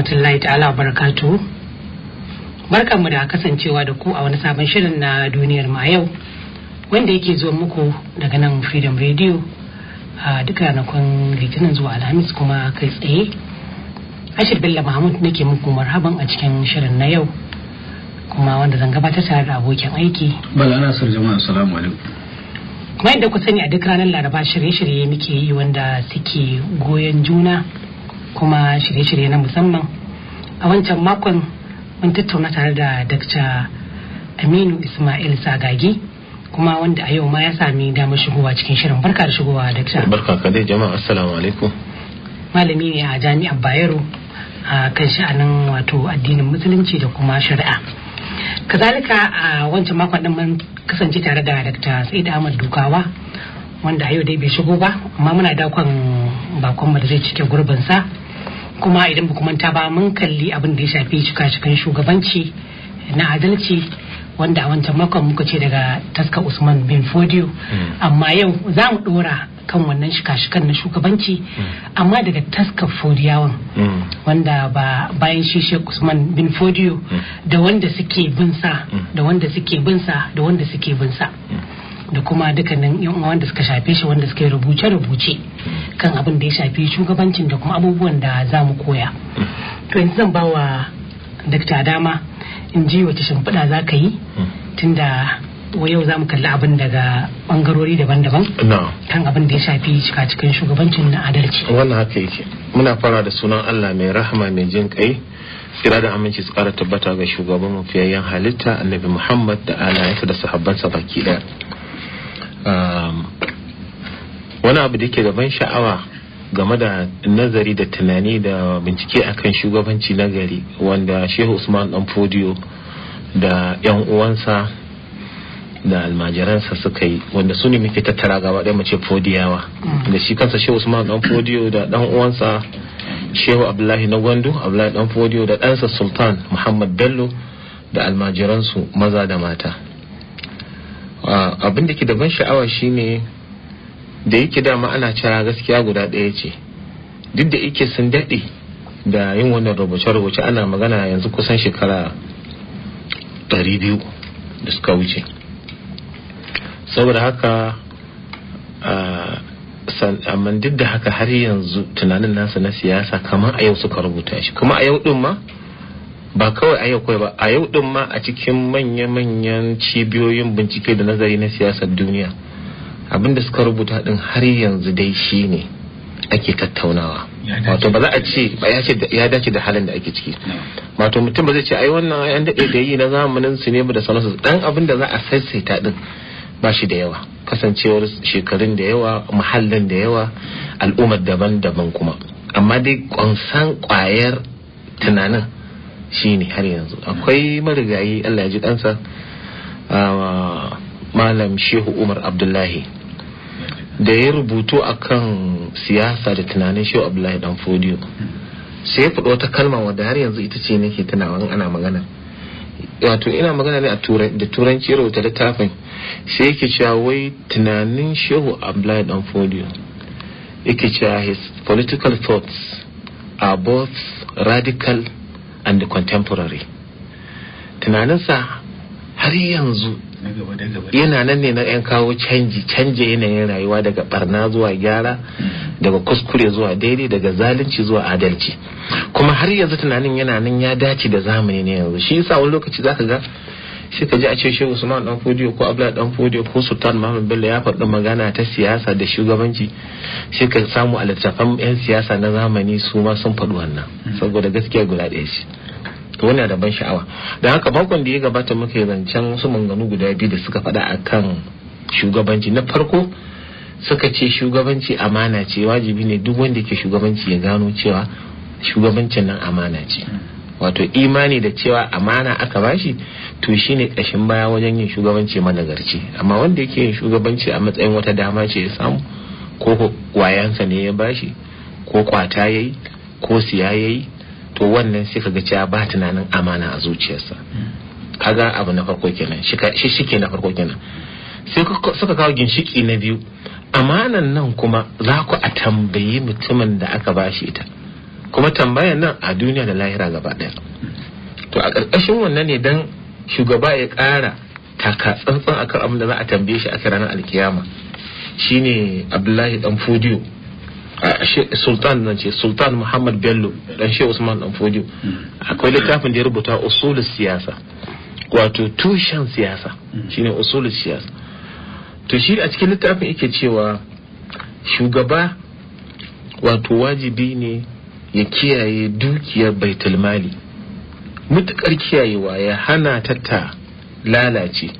rahmatullahi ta'ala barakatu barkanmu da kasancewa da ku a wani sabon shirin na duniyar ma yau wanda yake zuwa muku daga nan freedom radio a duk ranakun litinin zuwa alhamis kuma kai tsaye ashir bello mahmud nake muku marhaban a cikin shirin na yau kuma wanda zan gabatar tare da abokin aiki bala nasir jama'a assalamu alaikum kuma yadda ku sani a duk ranar laraba shirye-shirye muke yi wanda suke goyon juna kuma shirye-shirye na musamman a wancan makon mun tattauna tare da dakta aminu ismail sagagi kuma wanda a yau ma ya sami damar shigowa cikin shirin barka da shigowa dakta barka ka dai jama'a assalamu alaikum malami ne a jami'ar bayero a kan sha'anin wato addinin musulunci da kuma shari'a kazalika a wancan makon din mun kasance tare da dr sa'id ahmad dukawa wanda a yau dai bai shigo ba amma muna dakon bakonmu da zai cike gurbinsa kuma idan ba manta ba mun kalli abin da ya shafi cika cikin shugabanci na adalci wanda a wancan makon muka ce daga taska usman bin Fodio. Hmm. amma yau za mu dora kan wannan shika-shikan na shugabanci hmm. amma daga taska fodiyawan hmm. wanda ba bayan shi usman bin fodiyo da wanda suke binsa da wanda suke sa da wanda suke bin sa. da kuma dukkanin yan wanda suka shafe shi wanda suka yi rubuce-rubuce kan abin da ya shafi shugabancin da kuma abubuwan da za mu koya to yanzu zan ba wa dakta dama in ji wace shimfiɗa za ka yi tunda yau za mu kalli abin daga bangarori daban-daban kan abin da ya shafi cika-cikin shugabancin na adalci wannan haka yake muna fara da sunan allah mai rahama mai jin kai kira da aminci su kara tabbata ga shugaban mafiyayyen halitta annabi muhammad da alayensa da sahabbansa baki daya Um, wani abu da ke ban sha'awa game da nazari da tunani da bincike akan shugabanci na gari wanda shehu usman dan fodiyo da yan uwansa da almajiransa suka yi wanda su ne muke tattara gaba ɗaya mace fodiyawa da shi kansa shehu usman dan fodiyo da dan uwansa shehu abdullahi na gwandu abdullahi dan fodiyo da ɗansa sultan muhammad bello da almajiransu maza da mata abin da ke da ban sha'awa shine da yake dama ana cara gaskiya guda ɗaya ce duk da yake sun daɗe da yin wannan rubuce-rubuce ana magana yanzu kusan shekara 200 da suka wuce saboda haka amma duk da haka har yanzu tunanin nasa na siyasa kamar a yau suka rubuta shi kuma a yau ɗin ma ba kawai a yau kawai ba a yau din ma a cikin manya-manyan cibiyoyin bincike da nazari na siyasar duniya abinda suka rubuta din har yanzu dai shi ne ake tattaunawa wato ba za a ce ba ya dace da halin da ake ciki wato mutum ba zai ce ai wannan an daɗe da yi na zamanin su ne da sanarsu dan abin da za a sassaita din ba shi da yawa kasancewar shekarun da yawa muhallin da yawa al'ummar daban-daban kuma amma dai kwansan kwayar tunanin shine har yanzu akwai marigayi Allah ya ji kansa malam shehu umar abdullahi da ya rubutu akan siyasa da tunanin shehu abdullahi dan fodiyo sai ya wata kalma wadda har yanzu ita ce nake tunawan ana magana wato ina magana ne a da turanci rubuta littafin sai yake cewa wai tunanin shehu abdullahi dan fodiyo yake cewa his political thoughts are both radical and contemporary tunaninsa har yanzu yana nan ne na 'yan kawo canji canje yanayin rayuwa daga barna zuwa gyara mm. daga kuskure zuwa daidai daga zalunci zuwa adalci kuma har yanzu tunanin yana nan ya dace da zamani ne yanzu shi yasa wani lokaci zaka ga sai ka ji a ce shehu usman dan fodiyo ko abdullahi dan fodiyo ko sultan muhammad bello ya faɗi magana ta siyasa da shugabanci sai ka samu a littattafan yan siyasa na zamani su ma sun faɗi wannan hmm. saboda gaskiya guda ɗaya ce to wani da ban sha'awa don haka bakon da ya gabata muka yi zancen su manganu guda biyu da suka faɗa a kan shugabanci na farko suka ce shugabanci amana ce wajibi ne duk wanda ke shugabanci ya gano cewa shugabancin nan amana ce hmm. wato imani da cewa amana aka bashi to shine kashin baya wajen yin shugabanci managarci amma wanda yake yin shugabanci a matsayin wata dama ce ya samu ko kwayansa ne ya bashi ko kwata yayi ko siya yayi to wannan sai kaga cewa ba tunanin amana a zuciyarsa kaga abu na farko kenan shi shike na farko kenan sai suka kawo ginshiki na biyu amanan nan kuma za ku a tambayi mutumin da aka bashi ita kuma tambayan nan a duniya da lahira gaba daya to a ƙarƙashin wannan ne dan shugaba ya ƙara taka tsantsan akan abin da za a tambaye shi a ranar alkiyama shine abdullahi dan fodiyo sultan nan ce sultan muhammad bello dan shehu usman dan fodiyo akwai littafin da ya rubuta usulul siyasa wato tushen siyasa shine usulul siyasa to shi a cikin littafin yake cewa shugaba wato wajibi ne ya kiyaye dukiyar baitul mali mutukar kiyayewa ya hana ta ta lalace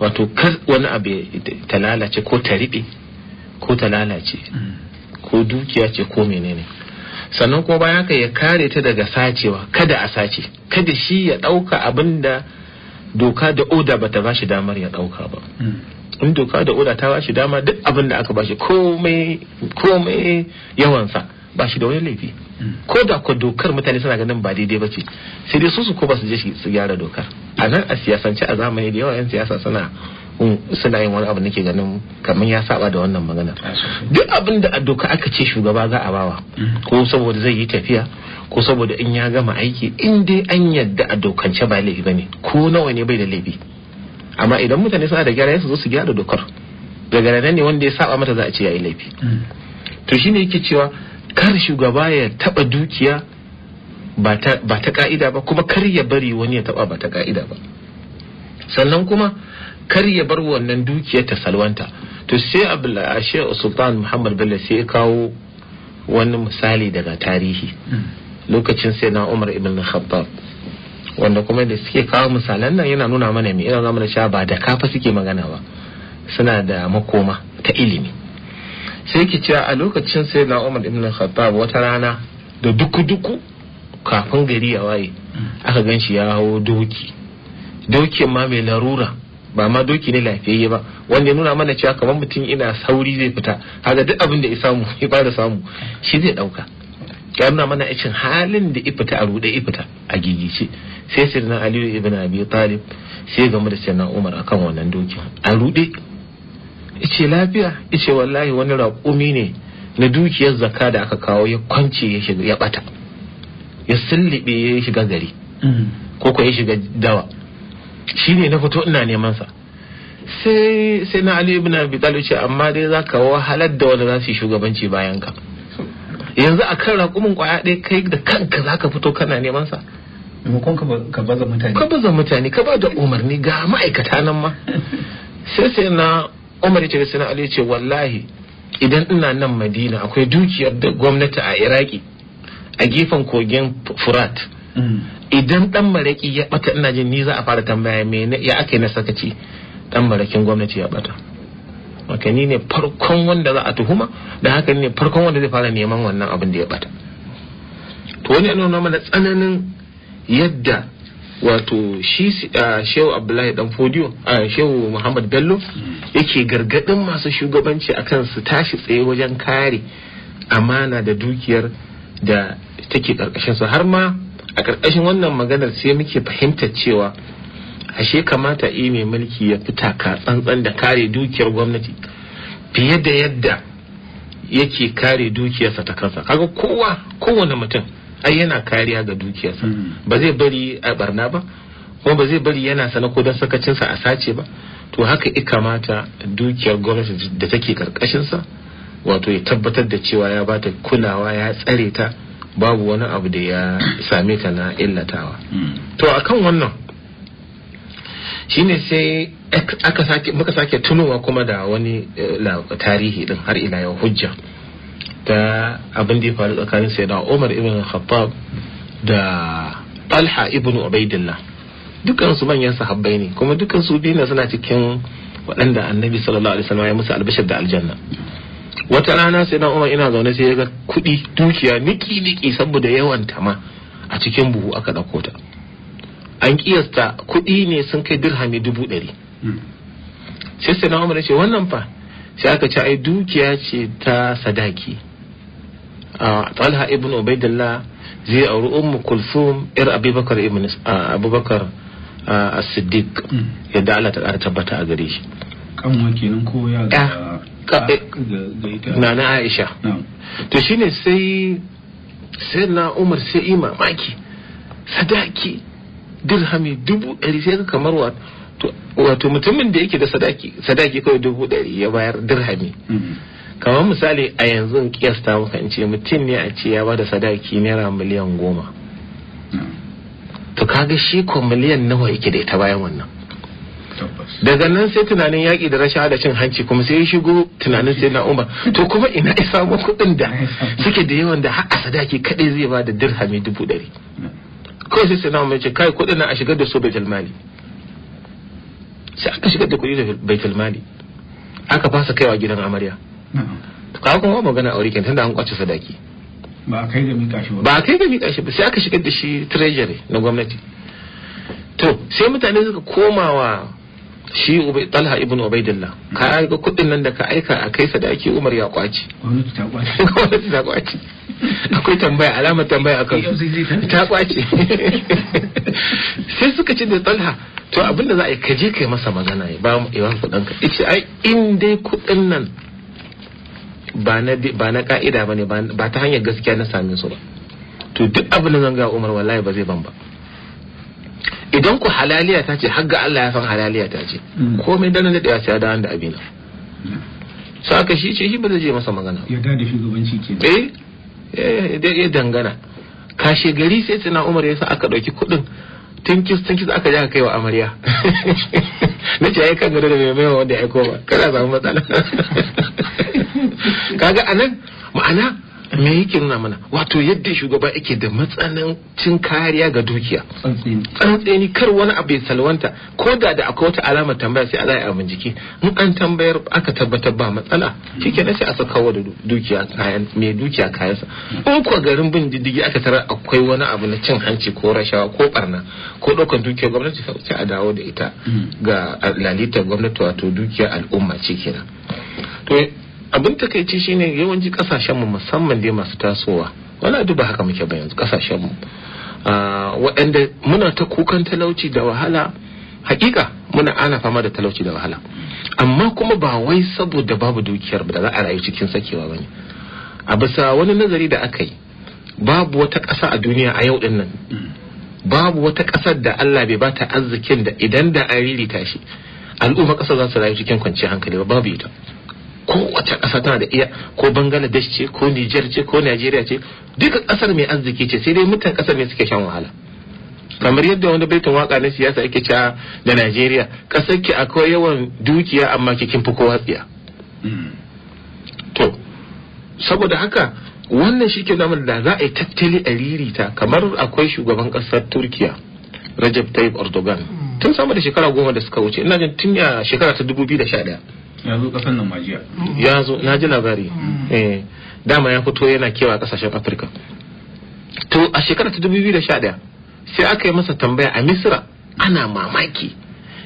wato kar wani abu ta lalace ko ta riɓe ko ta lalace ko dukiya ce ko menene sannan kuma bayan haka ya kare ta daga sacewa kada a sace kada shi ya ɗauka abin da doka da oda bata ba shi damar ya ɗauka ba in doka da oda ta bashi dama duk abin da aka ba shi komai yawansa ba shi da wani laifi ko da ko dokar mutane suna ganin ba daidai ba ce sai dai su su ko ba su je su gyara dokar a nan a siyasance a zamani da yawa yan siyasa suna suna yin wani abu nake ganin kamar ya saba da wannan magana duk abin da a doka aka ce shugaba za a bawa ko saboda zai yi tafiya ko saboda in ya gama aiki in dai an yadda a dokance ba laifi bane ko nawa ne bai da laifi amma idan mutane suna da gyara su zo su gyara dokar daga nan ne wanda ya saba mata za a ce yayi laifi mm. to shine yake cewa kar shugaba ya taba dukiya ba ta ka'ida ba kuma kar ya bari wani ya taba ba ta ka'ida ba sannan kuma kar ya bar wannan dukiya ta salwanta to sai a sultan muhammad bello sai ya kawo wani misali daga tarihi hmm. lokacin sai na umar ibn khabbab wanda kuma da suke kawo misalan nan yana nuna mana mai yana nuna mana cewa ba da kafa suke magana ba suna da makoma ta ilimi sai ki cewa a lokacin sai na umar ibn khattab wata rana da duku-duku kafin gari ya waye mm. aka gan shi ya hawo doki dokin ma mai larura ba ma doki ne lafiyayye ba wanda ya nuna mana cewa kamar mutum ina sauri zai fita haka duk abin da ya samu ya bada samu shi zai dauka ya nuna mana icin halin da ifita a rude ifita a gigice sai sirna aliyu ibn abi talib sai game da sirna umar akan wannan dokin a rude ice lafiya ice wallahi wani raƙumi ne na dukiyar zakka da aka kawo ya kwance ya shiga ya bata ya sullibe ya shiga gari mm. ko ko ya shiga dawa shine na fito ina neman sa sai sai na Ali ibn Abi Talib ce amma dai zaka wahalar da wani zasu yi shugabanci bayan ka yanzu kan raƙumin kwaya ɗaya kai da kanka zaka fito kana neman sa maimakon ka baza mutane ka baza mutane ka ba da umarni ga ma'aikata nan ma sai sai na umar ce sana ali ce wallahi idan ina nan madina akwai dukiyar da gwamnati a iraki a gefen kogin furat mm. idan dan maraki ya bata ina jin ni za a fara tambaya me ya aka yi na sakaci dan marakin gwamnati ya bata maka ni ne farkon wanda za a tuhuma da haka ne farkon wanda zai fara neman wannan abin da ya bata to wani yana nuna mana tsananin yadda wato shi ah, shehu abdullahi dan fodiyo ah, shehu muhammad bello mm. yake gargadin masu shugabanci akan su tashi tsaye wajen kare amana da dukiyar da take karkashin su har ma a karkashin wannan maganar sai muke fahimtar cewa ashe kamata e mai mulki ya fita ka tsantsan da kare dukiyar gwamnati fiye da yadda yake kare dukiyarsa ta kansa kaga kowa kowane mutum ai yana kariya ga dukiyarsa hmm. ba zai bari a barna ba kuma ba zai bari yana sana ko don sakacinsa a sace ba to haka i kamata dukiyar gwamnati da take karkashinsa wato ya tabbatar da cewa ya bata kulawa ya tsare ta babu wani abu da ya same ta na illatawa hmm. to akan wannan shine sai aka sake muka sake tunowa kuma da wani eh, tarihi din har ila yau hujja ta abin da ya faru tsakanin da Umar ibn Khattab da Talha ibn Ubaidillah dukansu manyan sahabbai ne kuma dukansu biyu suna cikin waɗanda annabi sallallahu alaihi wasallam ya musu albashir da aljanna wata rana sai dan umar ina zaune sai ya ga kuɗi dukiya niki niki saboda yawan ta ma a cikin buhu aka ɗauko ta an kiyasta kuɗi ne sun kai dirhami dubu ɗari hmm. sai sai dan umar ya ce wannan fa sai aka ce ai dukiya ce ta sadaki a talha ibn ubaidillah zai auri ummu kulsum yar abubakar ibn abubakar a ah, siddiq hmm. yadda Allah ta ƙara tabbata a gare shi kanwa kenan ko ya ga ah, eh, na aisha to shine sai sai na umar sai yi mamaki sadaki dirhami dubu ɗari sai kamar wato wato mutumin da yake da sadaki sadaki kawai dubu ɗari ya bayar dirhami hmm. kamar misali a yanzu kiyasta maka in ce mutum ne a ce ya bada sadaki naira miliyan goma to kaga shi ko miliyan nawa yake da ita bayan wannan daga nan sai tunanin yaƙi da rashawa da cin hanci kuma sai ya shigo tunanin sai na umar to kuma ina ya samu kuɗin da suke da yawan da har sadaki kadai zai ba da dirhami dubu ɗari kawai sai sai na ce kai kuɗin na a shigar da su bai talmali sai aka shigar da kuɗi da bai talmali aka fasa kaiwa gidan amarya to kaga kuma magana aure kenan tunda an kwace sadaki ba kai da mika shi ba ba kai da mika shi ba sai aka shigar da shi treasury na gwamnati to sai mutane suka komawa shi talha ibn ubaidillah ka ga kudin nan da ka aika a kai sadaki umar ya kwaci gwamnati ta kwaci akwai tambaya alamar tambaya akan ta kwaci sai suka ce da talha to abinda za a yi kaje kai masa magana ya ba mu iwan kudin ka ai in dai kudin nan ba na ba ne ka'ida bane ba ta hanyar gaskiya na same su ba to duk abin da zan ga Umar wallahi ba zai ban ba idan ku halaliya ta ce har ga Allah ya san halaliya ta ce mm. komai dana da ya sai da abina mm. sa aka shi ce shi ba zai je masa magana yarda da shugabanci ke eh, eh ya dangana kashe gari sai tana Umar ya sa aka ɗauki kudin tinkis tinkis aka ji aka kai wa amarya na ce ai kan gado da mai wanda ya aiko ba kana samu matsala kaga anan ma'ana me yake nuna mana wato yadda shugaba yake da matsanancin kariya ga dukiya tsantseni kar wani abu ya salwanta ko da da akwai wata alamar tambaya sai ya amin jiki in an tambayar aka tabbatar ba matsala kike na sai a saka wa dukiya kayan mai dukiya kayansa in kuwa garin bin diddigi aka tarar akwai wani abu na cin hanci ko rashawa ko barna ko ɗaukan dukiya gwamnati sai a dawo da ita mm. ga lalitar gwamnati wato dukiya al'umma ce kenan to abin takaici shine yawanci kasashen mu musamman dai masu tasowa wala duba haka muke ba yanzu kasashen mu ah, waɗanda muna ta kukan talauci da wahala hakika muna ana fama da talauci da wahala amma kuma ba wai saboda babu dukiyar da za a rayu cikin sakewa bane a bisa wani nazari da aka yi babu wata ƙasa a duniya a yau din nan babu wata ƙasar da Allah bai bata arzikin da idan da an tashi al'umma ƙasar za su rayu cikin kwanciyar hankali ba babu ita Ko kowace ƙasa tana da iya ko bangladesh ce ko niger ce ko nigeria ce duka ƙasar mai arziki ce sai dai mutan ƙasar ne suke shan wahala kamar yadda wani baitin waka na siyasa yake cewa da nigeria ƙasar ki akwai yawan dukiya amma ki kin fi kowa tsiya hmm. to saboda haka wannan shi ke namar da za a yi tattali a ririta kamar akwai shugaban ƙasar turkiya rajab tayyip erdogan hmm. tun sama da shekara goma da suka wuce ina jin tun shekara ta 2011 ya zo kasan nan majiya ya zo na ji labari mm. eh, dama ya fito yana kewa kasashen afirka to a shekarar ta 2011 sai aka yi masa tambaya a misira ana mamaki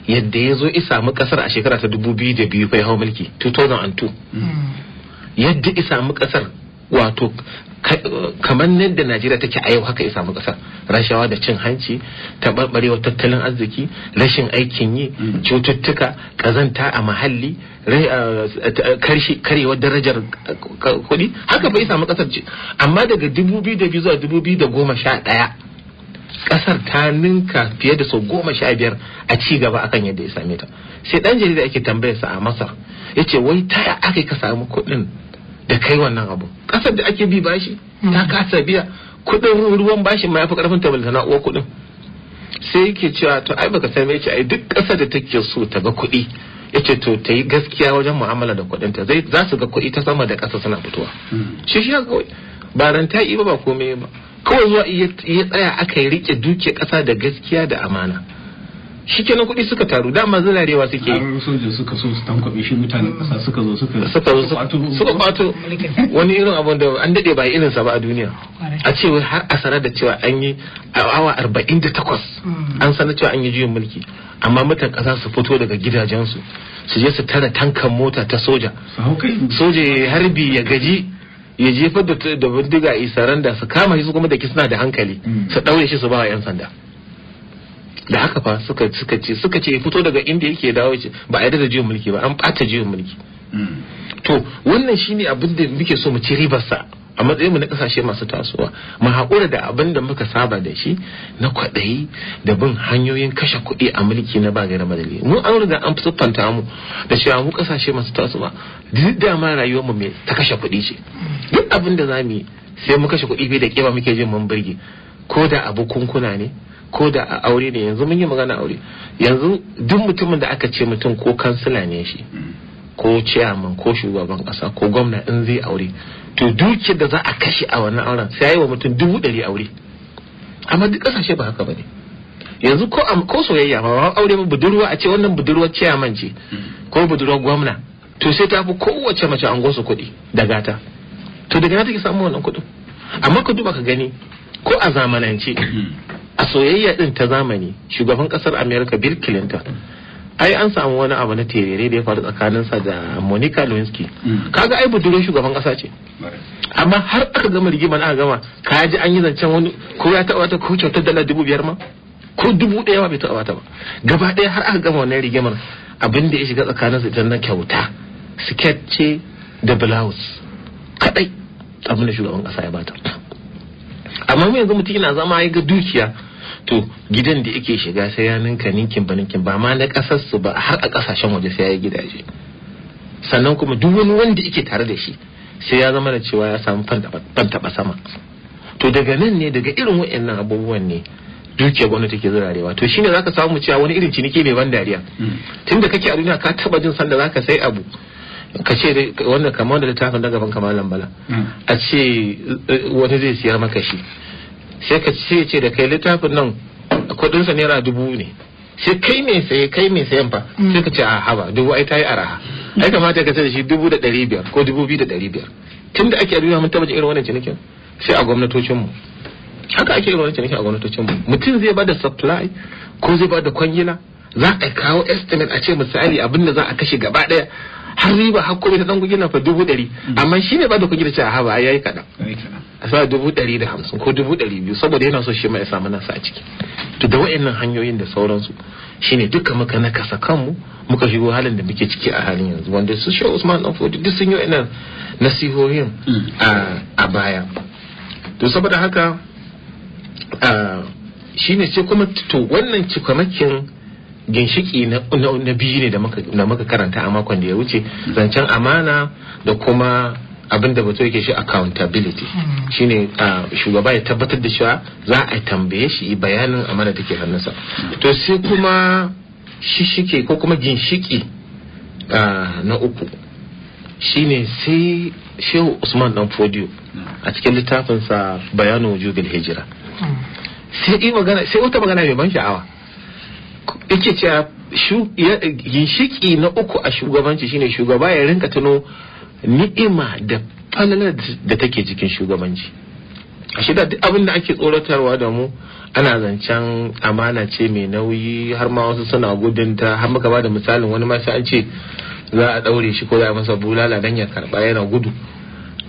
yadda ya zo isa mu kasar a shekara ta 2002 fa ya hau mulki 2002 mm. yadda isa mu kasar wato kamar yadda najeriya take a yau haka ya samu kasar rashawa da cin hanci taɓarɓarewar tattalin arziki rashin aikin yi mm. cututtuka ƙazanta a muhalli karewar darajar kuɗi haka bai samu kasar ce amma daga 2002 zuwa 2011 kasar ta ninka fiye da sau goma sha biyar a ci gaba akan yadda ya same ta sai dan jarida ake tambayarsa a masar ya ce wai ta aka ka samu kuɗin da kai wannan abu kasar da ake bi bashi ta hmm. kasa biya kudin ruwan bashin ma yafi karfin ta na'uwa kudin sai yake cewa to ai baka same ci ai duk kasar da take so ta ga kuɗi yace to ta yi gaskiya wajen mu'amala da kuɗin ta zai za su ga kuɗi ta sama da kasa suna fitowa hmm. shi shi kawai ba ranta ba ba komai ba kawai zuwa ya tsaya aka yi rike duke kasa da gaskiya da amana shi kenan kuɗi suka taru dama zinarewa suke yi soja suka so su tankwabe shi mutanen ƙasa suka zo suka suka kwato wani irin abin da an daɗe ba irin sa ba a duniya a ce har a sanar da cewa an yi a awa arba'in da takwas hmm. an sanar cewa an yi juyin mulki amma mutan ƙasa su fito daga gidajensu su je su tara tankan mota ta soja soja ya harbi ya gaji ya jefar da bindiga da su kama shi su kuma da kisna da hankali hmm. su ɗaure shi su ba wa 'yan sanda da haka fa suka suka ce suka ce fito daga inda yake dawo ce ba a yarda da jiwon mulki ba an bata jiwon mulki hmm. to wannan shine abin da muke so mu ci sa a matsayin mu na kasashe masu tasowa mu haƙura da abin da muka saba da shi na kwaɗayi da bin hanyoyin kashe kuɗi a mulki na ba ga madali mu an riga an siffanta mu da cewa mu kasashe masu tasowa duk ma rayuwar mu mai ta kashe kuɗi ce duk abin da zamu yi sai mu kashe kuɗi bai da kiba muke jin mun burge ko da abu kunkuna ne ko da a aure ne yanzu mun yi magana aure yanzu duk mutumin da aka ce mutum ko kansila ne shi ko ciyaman ko shugaban kasa ko gwamna in zai aure to duki da za a kashe a wannan auren sai yi wa mutum dubu dari aure amma duk ƙasashe ba haka ba ne yanzu ko ko soyayya ba aure ba budurwa a ce wannan budurwar ciyaman ce ko budurwar gwamna to sai ta fi kowace mace an gosu kuɗi da gata to daga ta take samu wannan kuɗin amma ka duba ka gani ko a zamanance a soyayya din ta zamani shugaban kasar america bill clinton ai an samu wani abu na terere da ya faru sa da monica lewinsky mm. kaga ai budurwar shugaban kasa ce amma har aka gama rigima na gama ka ji an yi zancen wani ko ya taba wata ko kyautar dala dubu biyar ma ko dubu daya ma bai taba wata ba gaba daya har aka gama wannan rigimar abin da ya shiga tsakanin ita na kyauta siket ce da blouse kadai abin da shugaban kasa ya bata amma mu yanzu mutum yana zama ya ga dukiya to gidan da yake shiga sai ya ninka ninkin ba ninkin ba ma na kasar su ba har a kasashen waje sai ya yi gidaje sannan kuma duk wani wanda yake tare da shi sai ya zama da cewa ya samu fan taba sama to daga nan ne daga irin wa'annan abubuwan ne dukiyar gwamnati ke zurarewa to shine zaka samu cewa wani irin ciniki mai ban dariya mm. tunda kake a duniya ka taba jin sanda zaka sai abu ka ce wannan kamar da littafin da gaban kamar bala mm. a ce eh, wani zai siyar maka shi sai ka ce ce da kai littafin nan sa naira dubu ne sai kai mai saye kai mai sayan fa mm. sai ka ce a ah, haba dubu ai ta yi araha mm. ai kamata ka sai da shi dubu da ɗari biyar ko dubu biyu da ɗari biyar tunda ake a duniya mun taɓa irin wannan cinikin sai a gwamnatocinmu haka ake irin wannan cinikin a gwamnatocinmu mutum zai bada supply ko zai bada kwangila za a kawo estimate a ce misali abin da za a kashe gaba ɗaya har riba har komai ta dan gina fa dubu ɗari mm. amma shi ne ba da kugina ce a haba ya yi kaɗan a sa dubu ɗari da hamsin ko dubu ɗari biyu saboda yana so shi ma ya samu nasa a ciki to da wa'annan hanyoyin da sauransu shine duka muka nakasa kanmu muka shigo halin da muke ciki a halin yanzu wanda su shi Usman dan Fodi duk sun yi wa'annan nasihohin mm. a baya to saboda haka shine ce kuma to wannan cikamakin ginshiki na biyu ne da muka karanta a makon da ya wuce zancen amana da kuma abin da bato yake shi accountability hmm. shine shugaba ya tabbatar da cewa za a tambaye shi bayanin amana take hannunsa to sai kuma shishike ko kuma ginshiki na uku shine sai shehu usman dan fodiyo a cikin littafinsa bayanin wujubin hijira hmm. sai wata magana mai ban sha'awa yake cewa ginshiki na uku a shugabanci shine shugaba ya rinka tuno ni'ima da falalar da take cikin shugabanci a shida duk abin da ake tsoratarwa da mu ana zancen amana ce mai nauyi har ma wasu suna gudunta har muka ba da misalin wani ma an ce za a daure shi ko za a masa bulala dan ya karba yana gudu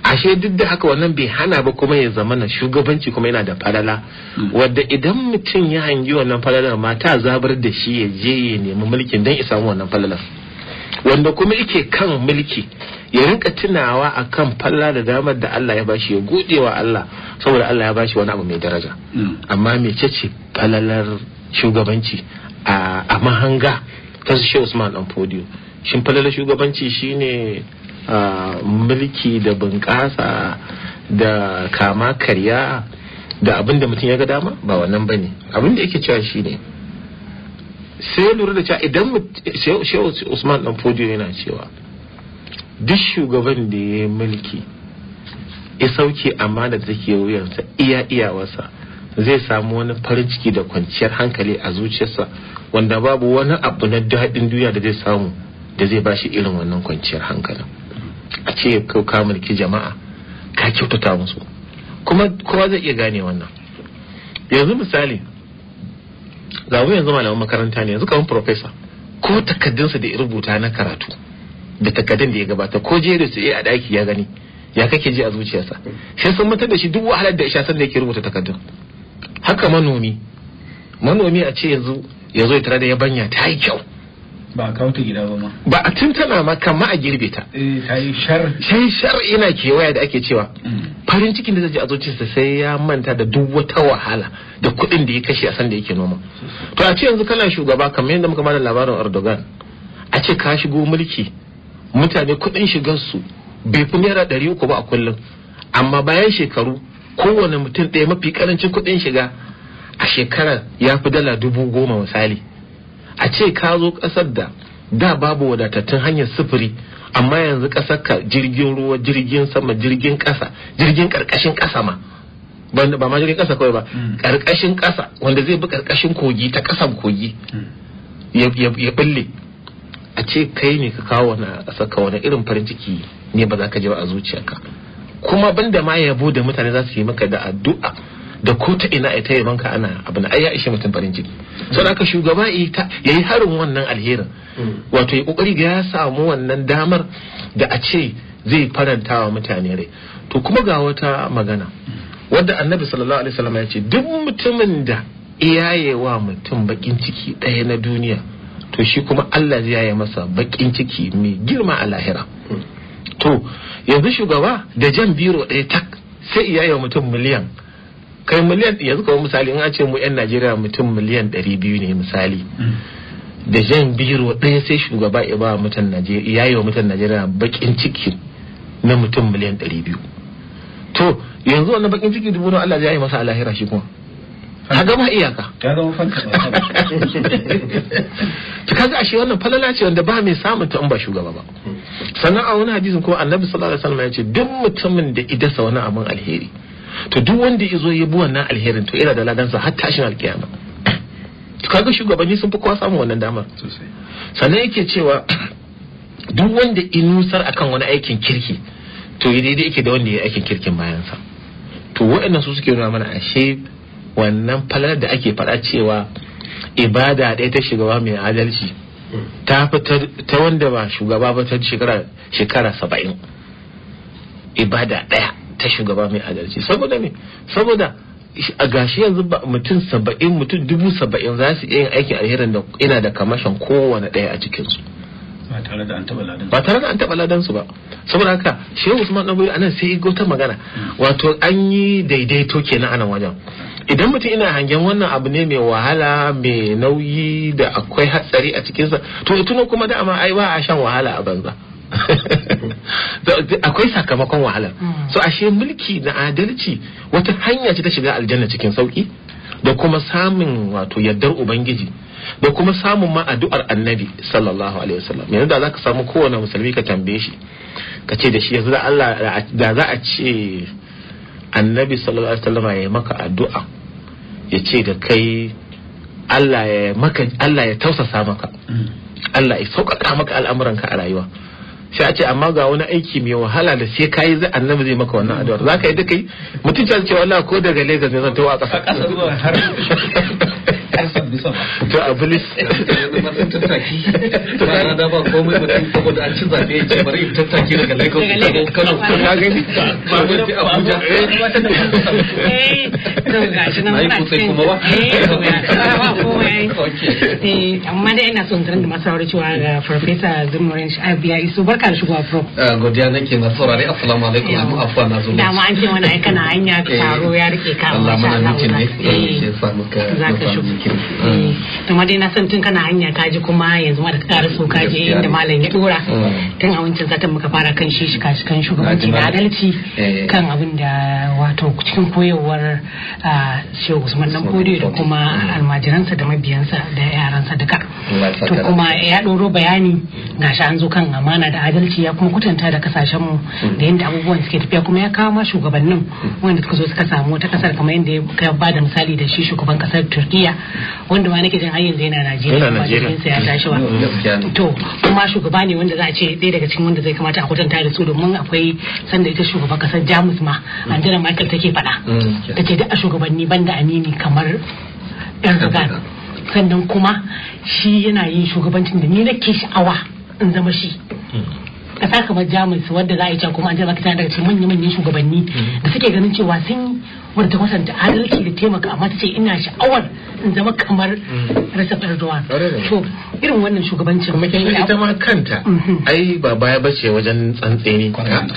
ashe duk da haka wannan bai hana ba kuma ya zama na shugabanci kuma yana da falala mm. wadda idan mutum ya hangi wannan falalar mata zabar da shi ya je ya nemi mulkin don isa wannan falalar wanda kuma yake kan mulki ya rinka tunawa a kan falla da damar da Allah ya bashi ya gode wa Allah saboda Allah ya bashi wani abu mai daraja mm. amma mecece falalar shugabanci a mahanga ta shi Usman Danfodiyo shin falalar shugabanci shine mulki da bunƙasa da kama karya da abin da mutum ya ga dama ba wannan ba ne abin da yake cewa shi ne sai lura da cewa idan shehu usman dan fodiyo yana cewa duk shugaban da ya mulki ya sauke amana da take wuyansa iya iyawarsa zai samu wani farin ciki da kwanciyar hankali a zuciyarsa wanda babu wani abu na daɗin duniya da zai samu da zai bashi irin wannan kwanciyar hankalin a ce ka ka mulki jama'a ka kyautata musu kuma kowa zai iya gane wannan yanzu misali zabu yanzu malaman makaranta ne yanzu kamar profesa ko takaddunsa da ya rubuta na karatu da takaddun da ya gabata ko jere su a daki ya gani ya kake ji a zuciyarsa sai sun mutar da shi duk wahalar da isha sanda yake rubuta takaddun haka manomi manomi a ce yanzu ya zo ya tara da yabanya ta yi kyau ba a kawo ta gida ba ma ba a tuntana ma kan a girbe ta eh, ta yi shar shar yana kewaya da ake cewa mm. farin cikin da zai ji a zuciyarsa sai ya manta da duk wata wahala da kuɗin da ya kashe a sanda da yake noma to a ce yanzu kana shugaba kamar yadda muka bada labarin Erdogan a ce ka shigo mulki mutane kuɗin su bai fi naira ɗari uku ba a kullum amma bayan shekaru kowane mutum ɗaya mafi ƙarancin kuɗin shiga a shekarar ya fi dala dubu goma misali a ce ka zo ƙasar da da babu wadatattun hanyar sufuri amma yanzu ƙasar ka jirgin ruwa jirgin sama jirgin ƙasa jirgin ƙarƙashin ƙasa ma ba ma jirgin ƙasa kawai ba mm. ƙarƙashin ƙasa wanda zai bi karkashin kogi ta ƙasan kogi mm. ya bille a ce kai ne ka kawo wani wani irin farin ciki ne ba za ka ji ba a zuciyarka kuma banda ma yabo da mutane za su yi maka da addu'a da ko ta ina ita yi ka ana abin ai ya ishe mutum farin ciki so da shugaba ya yi harin wannan alherin mm. wato ya kokari ga ya samu wannan damar da a ce zai faranta wa mutane rai to kuma ga wata magana wadda annabi sallallahu alaihi wasallam ya ce duk mutumin da iyayewa mutum bakin ciki ɗaya na duniya to shi kuma Allah zai yaye masa bakin ciki mai girma a lahira mm. to yanzu shugaba da jan biro ɗaya tak sai iyaye mutum miliyan kai miliyan yanzu kamar misali in a ce mu yan najeriya mutum miliyan ɗari biyu ne misali mm. da jan biro ɗaya sai shugaba ya ba mutan najeriya ya yi wa mutan najeriya bakin ciki na mutum miliyan ɗari biyu to yanzu wannan bakin ciki dubu Allah ya yi masa alahira shi kuma a gama iyaka ya zama fanka to kaga ashe wannan falala ce wanda ba mai samun ta in ba shugaba ba mm. sannan a wani hadisin kuma annabi sallallahu alaihi wasallam ya ce duk mutumin da idasa wani abin alheri to duk wanda ya zo ya bi wannan alherin to yana da ladansa har tashin alkiyama to kaga shugabanni sun fi kowa samu wannan damar sannan yake cewa duk wanda inusar akan wani aikin kirki to daidai yake da wanda ya yi aikin kirkin bayansa to waɗannan su suke nuna mana ashe wannan falar da ake faɗa cewa ibada ɗaya ta shugaba mai adalci ta fitar ta wanda ba shugaba ba ta shekara shekara saba'in ibada ɗaya ta shugaba mai adalci saboda me saboda a gashi yanzu mutum saba'in mutum dubu saba'in za su yin aikin alherin da ina da kamashin kowane daya a cikinsu ba tare da an taɓa ladansu ba saboda haka shehu usman a nan sai ta magana mm. wato an yi daidaito kenan anan wajen idan mutum ina hangen wannan abu ne mai wahala mai nauyi da akwai hatsari a cikinsa to tuno kuma dama ai ba a shan wahala a banza akwai sakamakon wahalar hmm. so ashe mulki na adalci wata hanya ce ta shiga aljanna cikin sauki da kuma samun wato yardar ubangiji da kuma samun ma addu'ar annabi sallallahu alaihi wasallam yanzu da zaka samu kowane musulmi ka tambaye shi ka ce da shi yanzu da Allah da za a ce annabi sallallahu alaihi wasallam ya maka addu'a ya ce da kai Allah ya maka Allah ya tausasa maka hmm. Allah ya sauƙaƙa maka al'amuranka a rayuwa sai a ce amma ga wani aiki mai wahala da sai kayi zai annabi zai maka wannan za zaka yi duka yi mutum ce wallahi ko daga Lagos ne zan tawo a ƙasa kasan bisa ba to a bilis ba sun rana da ba komai mutum saboda an ci zaɓe ya ce bari in tattaki daga lagos daga kano ka gani ba wani abuja eh, eh, na yi kutsai kuma ba eh, amma dai ina son tarin da masu aure cewa ga farfesa zumurin shabiya iso barka da shigowa pro godiya nake na saurare assalamu alaikum amma afuwa na zo dama an ce wani aikana hanya taro ya rike ka Allah mana miki ne sai sa muka kirki mm. amma dai na san tun kana hanya ka ji kuma yanzu ma da ƙara so ka je inda malam ya dora mm. tun a wancan zatan muka fara kan shi shi kashi kan shugabanci da adalci eh. kan abin da wato cikin koyarwar shehu usman dan kodiyo da kuma mm. almajiransa da mabiyansa da yaransa duka to kuma ya ɗoro bayani shi an zo kan amana da adalci ya kuma kutanta da kasashen mu da yadda abubuwan suke tafiya kuma ya kawo ma shugabannin wanda suka zo suka samu wata kasar kamar yadda ya ba da misali da shi shugaban kasar turkiya wanda ma nake jin har yanzu yana Najeriya ba jikin sa ya tashi ba to kuma shugaba ne wanda za a ce ɗaya daga cikin wanda zai kamata a kwatanta da su domin akwai sanda ita shugaba kasar Jamus ma mm. Angela Merkel take faɗa mm, take duk a shugabanni banda Amini kamar Erdogan sannan kuma shi yana yin shugabancin da ni nake sha'awa in zama shi kasa mm. kamar jamus wadda za a yi kuma an jama kita daga cikin manya-manyan shugabanni da suke ganin cewa sun ta wasanta adalci da taimaka amma ta ce ina sha'awar in zama kamar mm. rasa Erdogan to irin wannan shugabancin kuma kin ita ma kanta mm-hmm. ai ba baya bace wajen tsantseni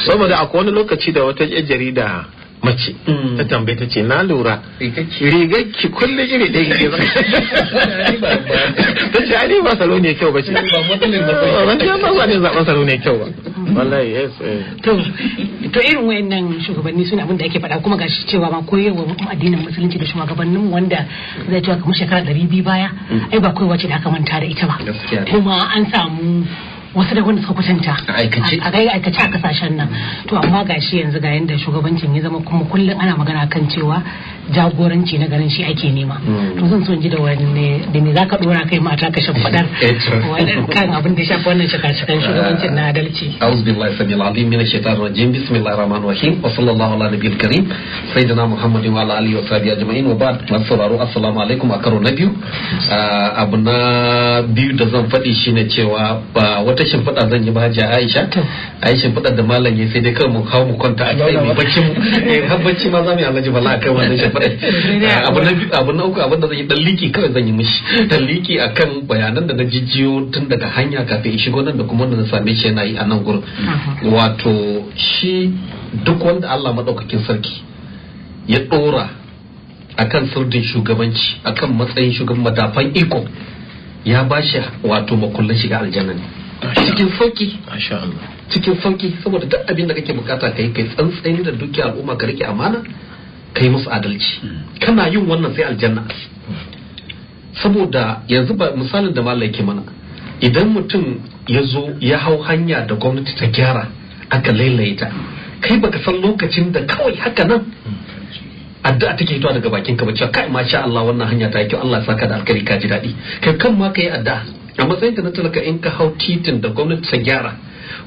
saboda akwai wani lokaci da wata jarida mace mm. ta tambaye ta ce na lura rigarki ki kullum iri ɗaya ke zama ta ce ali ba salo ne kyau ba ce ban ce ba ba ne zaɓen salo ne kyau ba wallahi yes eh. to to irin wayannan shugabanni suna abin da ake faɗa kuma gashi cewa ma koyarwa addinin musulunci da shugabannin wanda zai cewa kamar shekara 200 baya mm. ai ba koyarwa ce da aka manta da ita ba kuma an samu wasu da wanda suka kwatanta a gai aikace a kasashen nan to amma gashi yanzu ga yanda shugabancin ya zama kuma kullum ana magana kan cewa jagoranci na garin shi ake nema hmm. to zan so in ji da wani da me zaka dora kai mata ka shafadar eh, wannan kan abin da ya shafi wannan shakashakan shugabancin na adalci a'udhu billahi samil alim min shaitanir rajim bismillahir rahmanir rahim wa sallallahu ala nabiyil karim sayyidina muhammadin wa ala alihi wa sahbihi ajma'in wa ba'd masauraro assalamu alaikum a karo na biyu uh, abu na biyu da zan faɗi shine cewa ba uh, wata wata shimfiɗa zan yi ma hajiya aisha a yi shimfiɗa da malam ya sai dai kawai mu kawo mu kwanta a kai mu bacci mu eh, har bacci ma za mu yi alhaji bala a kai wannan shimfiɗa eh, abu na abu na uku abin da zan yi dan liki kawai zan yi mishi dan liki akan bayanan da na jijiyo tun daga hanya kafin shigo nan da kuma wanda na same shi yana yi a nan gurin wato shi duk wanda Allah madaukakin sarki ya dora akan sirdin shugabanci akan matsayin shugaban madafan iko ya ba shi wato makullin shiga aljanna ne cikin sauki cikin sauki saboda duk abin da kake bukata kai kai tsantsayin da dukiya al'umma ka rike amana kai musu adalci hmm. kana yin wannan sai aljanna hmm. saboda yanzu ba misalin da malai ke mana idan mutum ya zo ya hau hanya da gwamnati ta gyara aka lailaita ta kai baka san lokacin da kawai haka nan hmm. addu'a take hitowa daga bakin ka ba cewa kai masha sha Allah wannan hanya ta yi kyau Allah ya saka da alkari ka ji daɗi kai kan ma yi addu'a a matsayin ka na talaka in ka hau titin da gwamnati ta gyara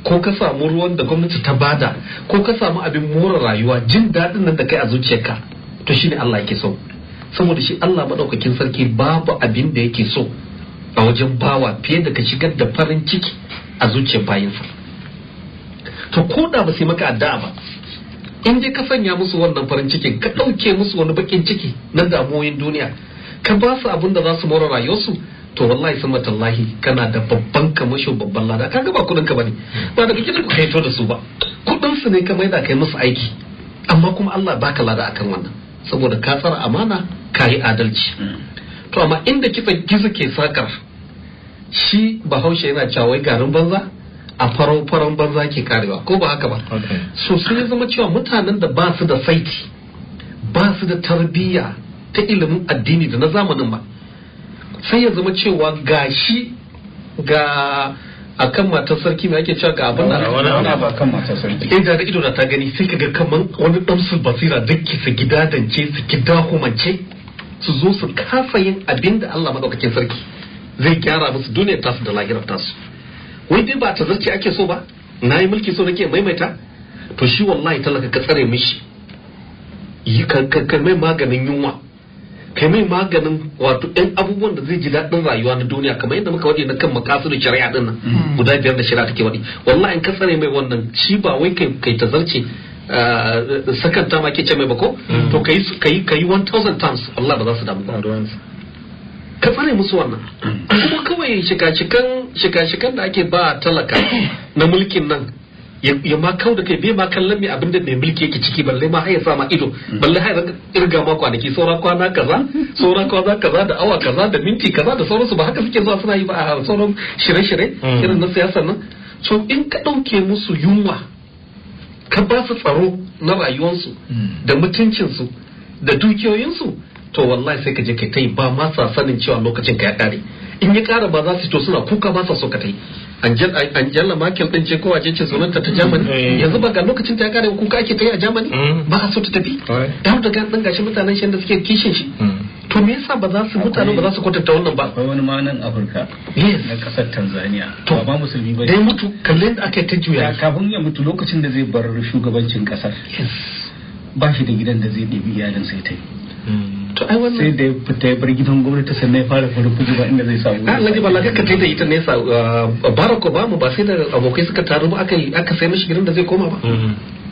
ko ka samu ruwan da gwamnati ta bada ko ka samu abin more rayuwa jin daɗin nan da kai a zuciyarka to shine Allah yake so saboda shi Allah madaukakin sarki babu abin da yake so a wajen bawa fiye da ka shigar da farin ciki a zuciyar bayinsa to ko da ba sai maka addu'a ba in je ka sanya musu wannan farin cikin ka ɗauke musu wani bakin ciki na damuwoyin duniya ka ba su abin da za su more rayuwarsu to wallahi sun matallahi kana da babban kamasho babban lada kaga ba kudin ka bane ba da kake da kaito da su ba kudin su ne kamar da kai musu aiki amma kuma Allah baka lada akan wannan saboda ka tsara amana ka yi adalci to amma inda kifa gizo ke sakar shi bahaushe yana cewa garin banza a farau faran banza ke karewa ko ba haka ba so sun zama cewa mutanen da ba su da saiti ba su da tarbiyya ta ilimin addini da na zamanin ba sai ya zama cewa ga shi ga a kan matar sarki mai ake cewa ga abin da wani ba kan matar sarki idan eh, da ido na ta gani sai kaga kaman wani damsul basira dukki su gida dance su gida humance su zo su kafa yin abin da Allah madaukakin sarki zai gyara musu duniyar tasu da lahirar tasu wai dai ba ta zarce ake so ba na yi mulki so nake maimaita to shi wallahi talaka ka tsare mishi yi kankan mai maganin yunwa kai mai maganin wato ɗan abubuwan da zai ji daɗin rayuwa na duniya kamar yadda muka waje na kan da shari'a ɗin nan hmm. guda biyar da shari'a take waɗi wallahi in ka tsare mai wannan shi ba wai kai kai ta zarce ah, sakan ta ma ke ce mai bako hmm. to kai kai kai 1000 times Allah ba za su damu ba ka tsare musu wannan hmm. kuma kawai shika-shikan da ake ba talaka na mulkin nan ya ma kau da kai bai ma kallon mai abinda mai mulki yake ciki balle ma ya sa ma ido balle zan irga ma kwanaki saura kwana kaza saura kwana kaza da awa kaza da minti kaza da sauransu ba haka suke zuwa suna yi ba a sauran shirye-shirye hmm. irin na siyasa nan so in ka ɗauke musu yunwa ka ba su tsaro na rayuwarsu hmm. da mutuncinsu da dukiyoyinsu to wallahi sai ka je kai ba ma sa sanin cewa lokacin ka ya kare in ya kara ba za su to suna kuka ba sa so ka ta Angela Merkel din ce kowace ce sunanta ta Germany mm. eh. yanzu ba ga lokacin ta kare kuka ake kai a jamani mm. ba a so ta tafi da da ga gashi mutanen shi da suke kishin shi mm. to me yasa ba za su mutane ba za su kwatanta wannan ba akwai wani ma nan Afirka na kasar Tanzania to ba musulmi ba dai mutu kallon da aka ta juya kafin ya mutu lokacin da zai bar shugabancin kasar ba shi da gidan da zai ɗebi iyalin sai ta to ai wannan sai da fita ya bar gidan gwamnati sannan ya fara faru kuji ba inda zai samu a naji balla ka kai da ita nesa Barack Obama ba sai da abokai suka taru ba aka aka sai mishi gidan da zai koma ba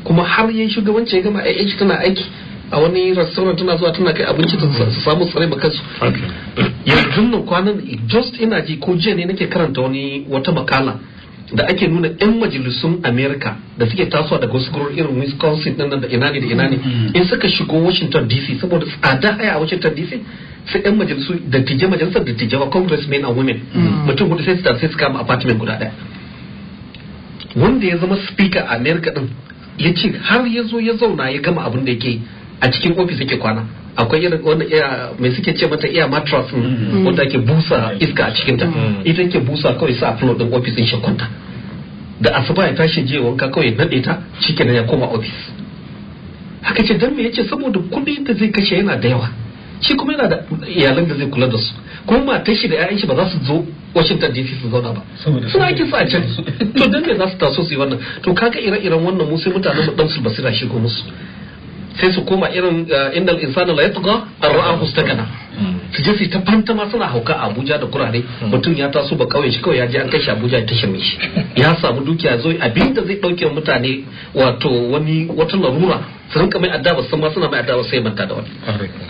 kuma hmm. har yayin shugabanci ya gama ai tana aiki a wani restaurant tana zuwa tana kai abinci ta hmm. samu tsare ba kansu yanzu nan kwanan just ina ji ko jiya ne nake karanta wani wata makala da ake nuna 'yan majalisun amerika da suke tasowa daga wasu gurin irin wisconsin din nan da ina ne da ina mm-hmm. in suka shigo washington dc saboda tsada haya a washington dc sai 'yan majalisu da tije majalisar da tije wa congressmen and women mm. mutum hudu sai sai tafi su kama apartment guda daya wanda ya zama speaker a amerika din ya ce har ya zo ya zauna ya gama abin da yake a cikin ofis yake kwana akwai irin wani mai suke ce mata iya matras mm-hmm. wanda ake busa mm-hmm. iska a cikin ta mm-hmm. ita ke busa kawai sa floor din ofis din shakunta da asuba ya tashi je wanka kawai nade ta cikin ya koma ofis haka ce dan me yace saboda kuɗi da zai kashe yana da yawa shi kuma yana da iyalan da zai kula da su kuma matar shi da 'ya'yan shi ba za su zo Washington DC su zauna ba suna ake sa can to dan me za su taso su yi wannan to kaga ire-iren wannan mu sai mutanen mu dan su basira shigo musu sai su koma irin eh, indal insana la a arra'a mustakana hmm. su je su ta fanta ma suna hauka a Abuja da kurare hmm. mutum ya taso ba kauye shi kawai ya je an kashe shi Abuja ya tashi shi ya samu dukiya zo da zai dauke mutane wato wani wata larura su rinka mai adda ba san ma suna mai adda ba sai manta da wani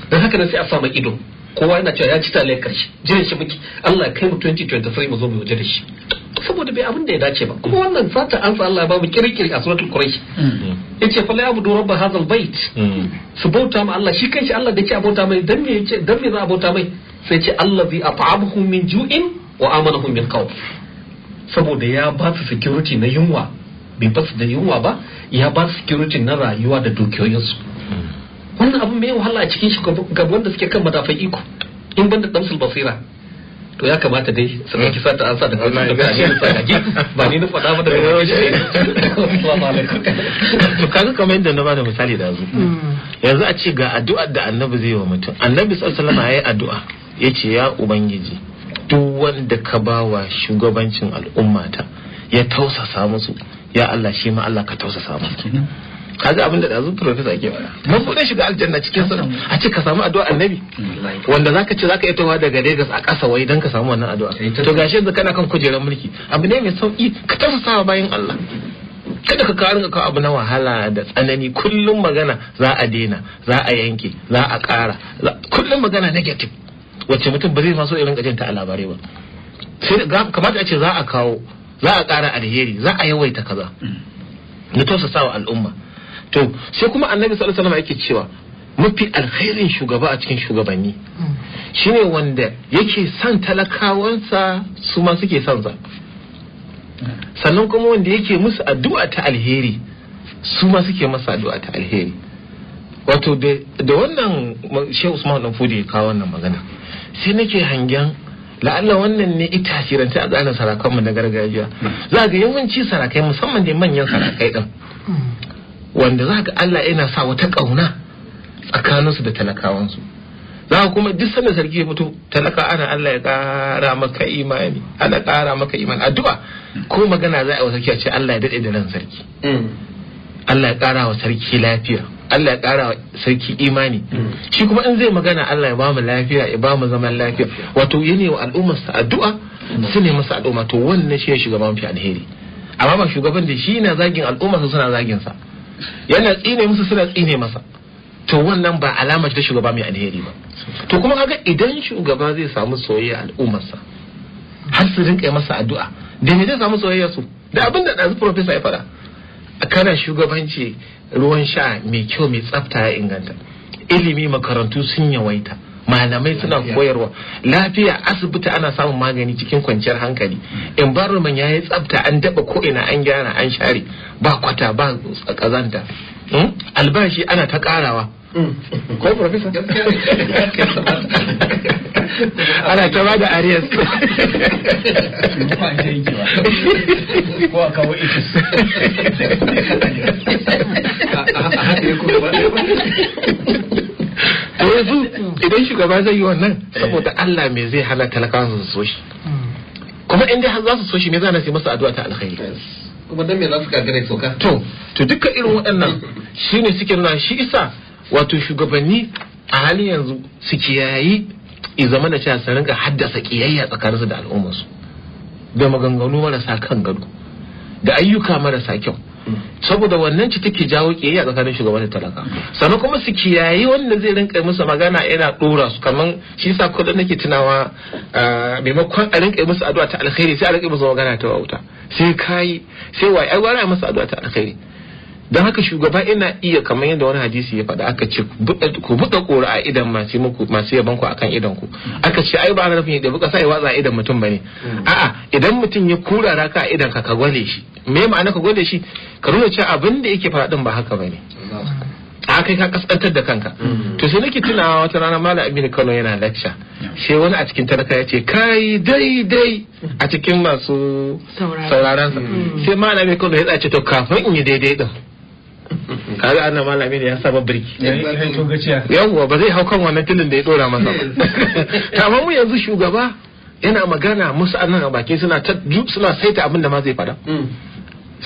dan haka ne sai a samu ido kowa yana cewa ya ci taliyar karshe jiran shi muke Allah kai mu 2023 mu zo mu waje da shi saboda bai abin da ya dace ba kuma wannan fata an sa Allah ba mu kirkiri a suratul quraish mm. yace fa la abudu rabb hadha albayt mm. su bauta ma Allah shi kanshi Allah da yake abota mai dan me yace dan me za a mai sai ce allazi at'amahum min ju'in wa amanahum min khawf saboda ya ba su security na yunwa bai ba su da yunwa ba ya ba su security na rayuwa da dukiyoyinsu mm. wannan abun mai wahala a cikin shi ga wanda suke kan madafan iko in banda damsul basira to ya kamata dai su ɗauki sata an sa da hausa da kashe da sadaki ba ni na faɗa ba da wani to kaga kamar yadda na ba da misali da zu hmm. yanzu a ce ga addu'ar da annabi zai yi wa mutum annabi sallallahu alaihi wasallam addu'a yace ya ubangiji duk wanda ka ba wa shugabancin al'ummata ya tausasa musu ya Allah shi ma Allah ka tausasa musu kaji abin da dazu profesa ake faɗa mabudin shiga aljanna cikin sa a ce ka samu addu'a annabi wanda zaka ce zaka itowa daga Lagos a ƙasa wai dan ka samu wannan addu'a to gashi yanzu kana kan kujerar mulki abu ne mai sauki ka tafasa bayan Allah kada ka kawo ka abu na wahala da tsanani kullum magana za a daina za a yanke za a kara kullum magana negative wacce mutum ba zai maso irin gajin ta a labarai ba sai kamata a ce za a kawo za a kara alheri za a yawaita kaza na tausasa wa al'umma to sai kuma annabi sallallahu alaihi yake cewa mafi alkhairin shugaba a cikin shugabanni mm. shine wanda yake san talakawansa su ma suke son sa sannan kuma wanda yake musu addu'a ta alheri su ma suke masa addu'a ta alheri wato da wannan shehu usman dan fudi ya kawo wannan magana sai nake hangen la'alla wannan ne ita shiranta a tsarin sarakanmu na gargajiya mm. za ga yawanci sarakai musamman da manyan sarakai din mm. wanda za ka Allah yana sa wata ƙauna tsakaninsu da talakawansu za kuma duk sanda sarki ya fito talaka ana Allah ya ƙara maka imani ana ƙara maka imani addu'a ko magana za a sarki a ce Allah ya daɗe da ran sarki mm. Allah ya ƙara wa sarki lafiya Allah ya ƙara wa sarki imani mm. shi kuma in zai magana Allah ya bamu lafiya ya bamu zaman lafiya wato yana wa sa addu'a su ne masa al'umma to wannan shi ya shiga mafi alheri amma ba shugaban da shi na zagin su suna zagin sa yana tsine musu suna tsine masa to wannan ba alama ta shugaba mai alheri ba to kuma kaga idan shugaba zai samu soyayya al'ummarsa har su rinka masa addu'a da me zai samu soyayya su da abin da ɗazu professor ya faɗa kana shugabanci ruwan sha mai kyau mai tsafta ya inganta ilimi makarantu sun yawaita malamai suna koyarwa lafiya asibiti ana samun magani cikin kwanciyar hankali mm. environment ya yi tsafta an daba ko ina an gyara an share ba kwata ba kazanta hmm? albashi ana ta karawa mm. ko profesa ana ta bada arias yanzu eh, idan shugaba zai yi wannan eh. saboda Allah me zai hana talakawa su so shi hmm. kuma in dai har za su so shi me za na sai masa addu'a ta alkhairi kuma dan me za su gagare soka to to dukkan irin waɗannan shine suke nuna shi isa wato shugabanni a halin yanzu su kiyayi i zama na cewa su rinka haddasa kiyayya tsakaninsu da al'ummarsu da maganganu marasa kan gado da ayyuka marasa kyau saboda wannan ci ke jawo kiyayya a tsakanin shugaban da talaka sannan kuma su kiyayi wanda zai rinka musu magana yana dora su kaman shi ko kullum nake tunawa ah, maimakon a rinka musu addu'a ta alkhairi sai a rinka musu magana ta wauta sai kai sai wai ai wara musu addu'a ta alkhairi don haka shugaba ina iya kamar yadda wani hadisi ya faɗa aka ce ku buɗe ƙura a idan masu yaban ku akan idan ku aka ce ai ba ana yadda buka sai watsa a idan mutum bane hmm. a'a idan mutum ya kura raka a idan ka ka gwale shi me ma'ana ka gwale shi ka nuna cewa abin da yake faɗin ba haka bane a kai ka kaskantar da kanka hmm. to sai nake tunawa wata rana malam abin kano yana lacca sai wani a cikin talaka ya ce kai daidai a cikin masu sauraron hmm. sai malam aminu kano ya tsace to kafin in yi daidai din kaga annan malami ne ya saba birki yawwa ba zai hau kan wannan tilin da ya dora masa ba kamar mu yanzu shugaba yana magana musu annan a baki suna ta suna saita abin da ma zai faɗa mm.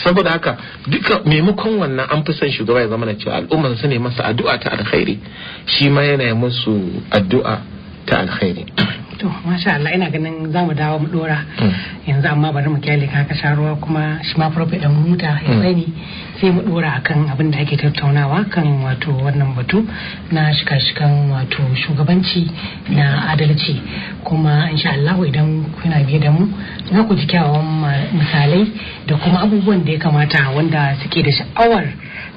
saboda haka duka maimakon wannan an fi son shugaba ya zama na cewa al'ummar su ne masa addu'a ta alkhairi shi ma yana musu addu'a ta alkhairi to masha Allah ina ganin za mu dawo mu dora hmm. yanzu amma bari mu kyale ka sha ruwa kuma shi ma farko dan muta ya hmm. sani sai mu dora akan abin da ake tattaunawa kan wato wannan batu na shika-shikan wato shugabanci na adalci kuma insha Allah idan kuna biye da mu za ku ji kyawawan misalai da kuma abubuwan da ya kamata wanda suke da sha'awar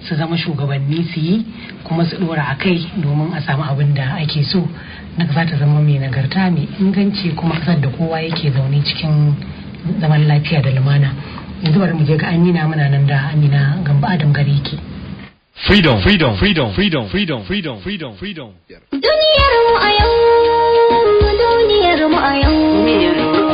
su zama shugabanni su yi kuma su dora a kai domin a samu abin da ake so ga za ta zama mai nagarta mai inganci kuma kasar da kowa yake zaune cikin zaman lafiya da lumana yanzu bari mu je ga amina muna nan da amina gamba adam gare ki freedom freedom freedom freedom freedom freedom freedom freedom duniyar mu a yau duniyar mu a yau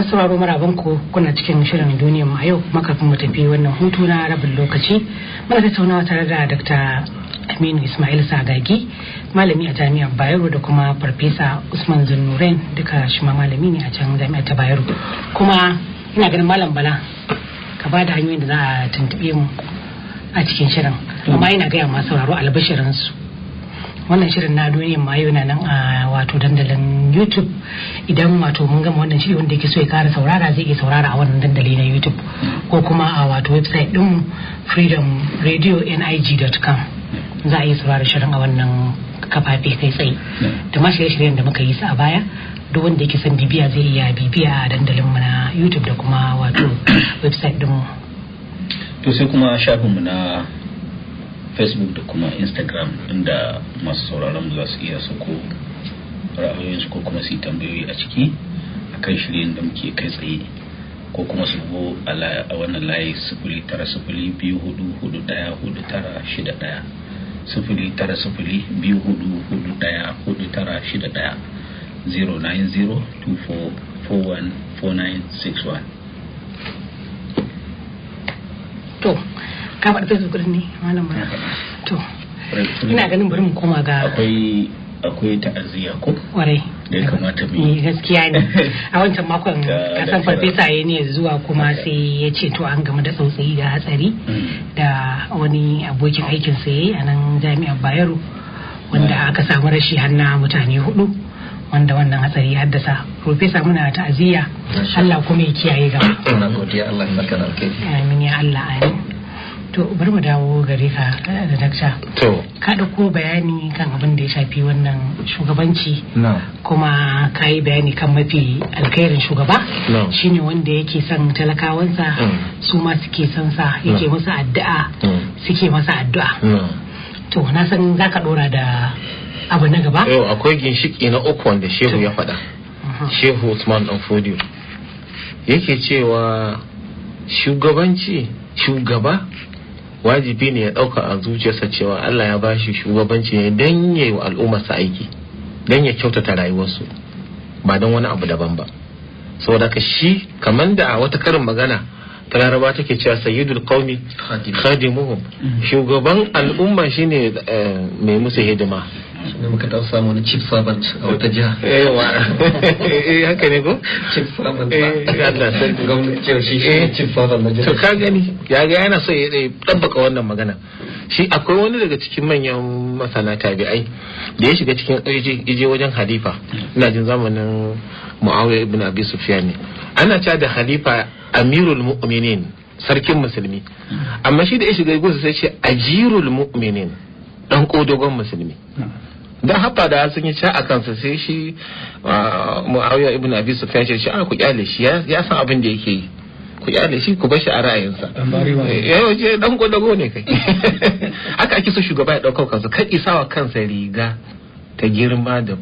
masu sauraro marabon ku kuna cikin shirin duniya mu a yau makafin mu tafi wannan hutu na rabin lokaci muna tattaunawa tare da Dr. Aminu Ismail Sagagi malami a jami'ar Bayero da kuma Farfesa Usman Zunnurain duka shi ma malami ne a can jami'ar ta Bayero kuma ina ganin malam Bala ka ba da hanyoyin da za a tuntuɓe mu a cikin shirin amma ina gaya masu sauraro su wannan shirin na duniya ma yana nan a wato dandalin youtube idan wato mun gama wannan shirin wanda yake so ya kara saurara zai iya saurara a wannan dandali na youtube ko kuma a wato website din freedom radio nig.com za a iya saurara shirin a wannan kafafe kai tsaye da ma shirye-shiryen da muka yi su a baya duk wanda yake son bibiya zai iya bibiya a dandalin mu na youtube da kuma wato website din to sai kuma shafinmu na facebook da kuma instagram inda masu sauraron za su iya sako ra'ayoyinsu ko kuma su yi tambayoyi a ciki kan shirin da muke kai tsaye ko kuma su go a wannan layi sufuri tara sufuri biyu hudu hudu daya hudu tara shida daya sufuri tara sufuri biyu hudu hudu daya hudu tara shida daya six one. ka faɗi facebook ne malam ba to ina ganin bari mu koma ga akwai akwai ta'aziyya ko Ware. da ya kamata mu yi eh, gaskiya ne a wancan makon kasan farfesa ya ne zuwa kuma sai ya ce to an gama da tsautsayi da hatsari mm. da wani abokin aikin sa yayi a nan jami'ar Bayero wanda aka samu rashi har mutane hudu wanda wannan hatsari ya haddasa profesa muna ta'aziyya Allah kuma ya kiyaye gaba. Allah godiya Allah ya saka Amin ya Allah amin. to bari mu dawo gare ka eh, da dakta to ka ko bayani kan abin da ya shafi wannan shugabanci kuma ka yi bayani kan mafi alkhairin shugaba shine wanda yake son talakawansa mm. su ma suke son sa yake masa addu'a mm. suke masa addu'a to na san ka dora da abu na gaba yau akwai ginshiki na uku wanda shehu ya faɗa mm-hmm. shehu usman dan yake cewa shugabanci shugaba wajibi ne ya ɗauka a zuciyarsa cewa Allah ya ba shi shugabanci ne don ya yi wa al'ummarsa aiki don ya kyautata rayuwarsu ba don wani abu daban ba saboda ka shi kamar da wata karin magana ta laraba take cewa sayyidul qaumi khadimuhum shugaban al'umma shine eh, mai musu hidima shi ne muka taɓa samu wani chief servant a wata jiha yawa eh, eh haka ne ko chief servant eh Allah sai gwamnati ce shi eh, chief servant na jiha to ka gani ya ga yana so ya dabbaka wannan magana shi akwai wani daga cikin manyan masana tabi'ai da ya shiga cikin ije wajen halifa ina jin zamanin muawiya ibn abi sufyan ne ana cewa da halifa amirul mu'minin sarkin musulmi amma shi da ya shiga gusa sai ce ajirul mu'minin dan kodogon musulmi don haba da sun yi sha a kansa sai shi ah, muawiya ibn abi sufyan shi a ah, ku kyale shi ya san abin da yake yi ku kyale shi ku bar shi a ra'ayinsa eh, eh, je dan godago ne kai haka ake so shugaba ya ɗaukar kansa kan isawa kansa riga ta girma da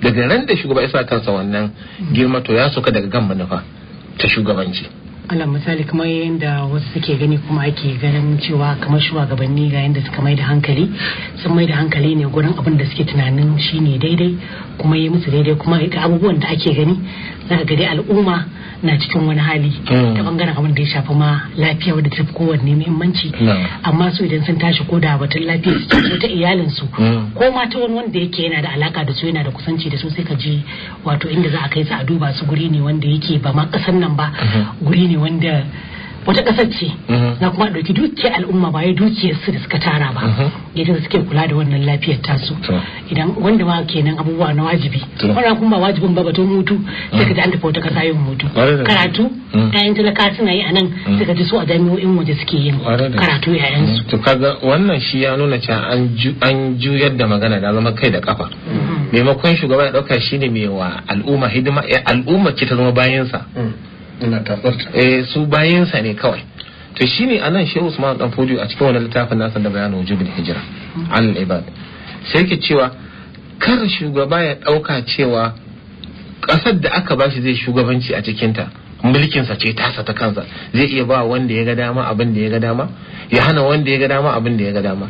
daga ran da shugaba isa kansa wannan girma to ya soka daga gan manufa ta shugabanci ala misali kamar da wasu suke gani kuma ake ganin cewa kamar shugabanni ga yadda suka mai da hankali sun mai da hankali ne gurin abin da suke tunanin shine daidai kuma yi musu daidai kuma ga abubuwan da ake gani zaka ka dai al'umma na cikin wani hali hmm. ta bangaren abin da ya shafi ma lafiya wadda ta fi kowanne muhimmanci amma su idan sun tashi ko da batun lafiya su ce ta iyalin su hmm. ko ma ta wani wanda yake yana da alaka da su yana da kusanci da su sai ka je wato inda za a kai su a duba su guri ne wanda yake ba ma kasan nan ba hmm. guri ne wanda wata ƙasar ce na mhm. kuma ɗauki dukiyar al'umma ba ya dukiyar su da suka tara ba yadda mhm. suke kula da wannan lafiyar tasu idan wanda ma kenan abubuwa na wajibi wannan kuma ba wajibin ba batun mutu. sai ka mhm. ji an tafi wata ƙasa yin hutu karatu ɗayan talaka suna yi a nan sai ka ji su a jami'o'in waje suke yin karatu yayansu. to kaga wannan shi ya nuna cewa an juyar da magana da zama kai da kafa maimakon shugaba ya ɗauka shine mai wa al'umma hidima eh, al'umma ce ta zama bayansa mm. eh su bayansa ne kawai to shi ne anan shehu usman dan fodiyo a cikin wani littafin nasa da bayanin wujubul hijira an ibad sai ke cewa kar shugaba ya ɗauka cewa kasar da aka bashi zai shugabanci a cikinta mulkinsa ce tasa ta kansa zai iya ba wanda ya ga dama abin da ya ga dama ya hana wanda ya ga dama abin da ya ga dama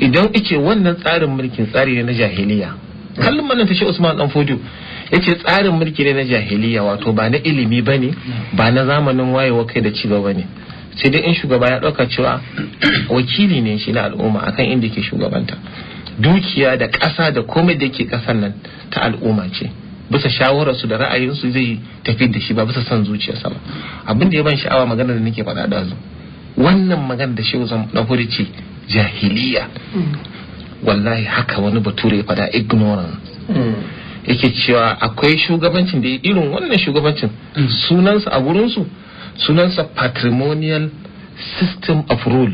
idan ice wannan tsarin mulkin tsari ne na jahiliya kallon nan ta shi Usman dan yace tsarin mulki ne na jahiliya wato ba na ilimi bane ba na zamanin wayewa kai da cigaba ne sai dai in shugaba ya ɗauka cewa wakili ne shi na al'umma akan inda ke shugabanta dukiya da ƙasa da komai da ke ƙasar nan ta al'umma ce bisa shawararsu da ra'ayinsu zai tafi da shi ba bisa son zuciyarsa ba abin da ya ban sha'awa magana da nake faɗa da wannan magana da shi zan ɗahuri ce jahiliya mm. wallahi haka wani bature ya faɗa ignorance mm. yake cewa akwai shugabancin da irin wannan shugabancin mm. sunansa a wurinsu sunansa patrimonial system of rule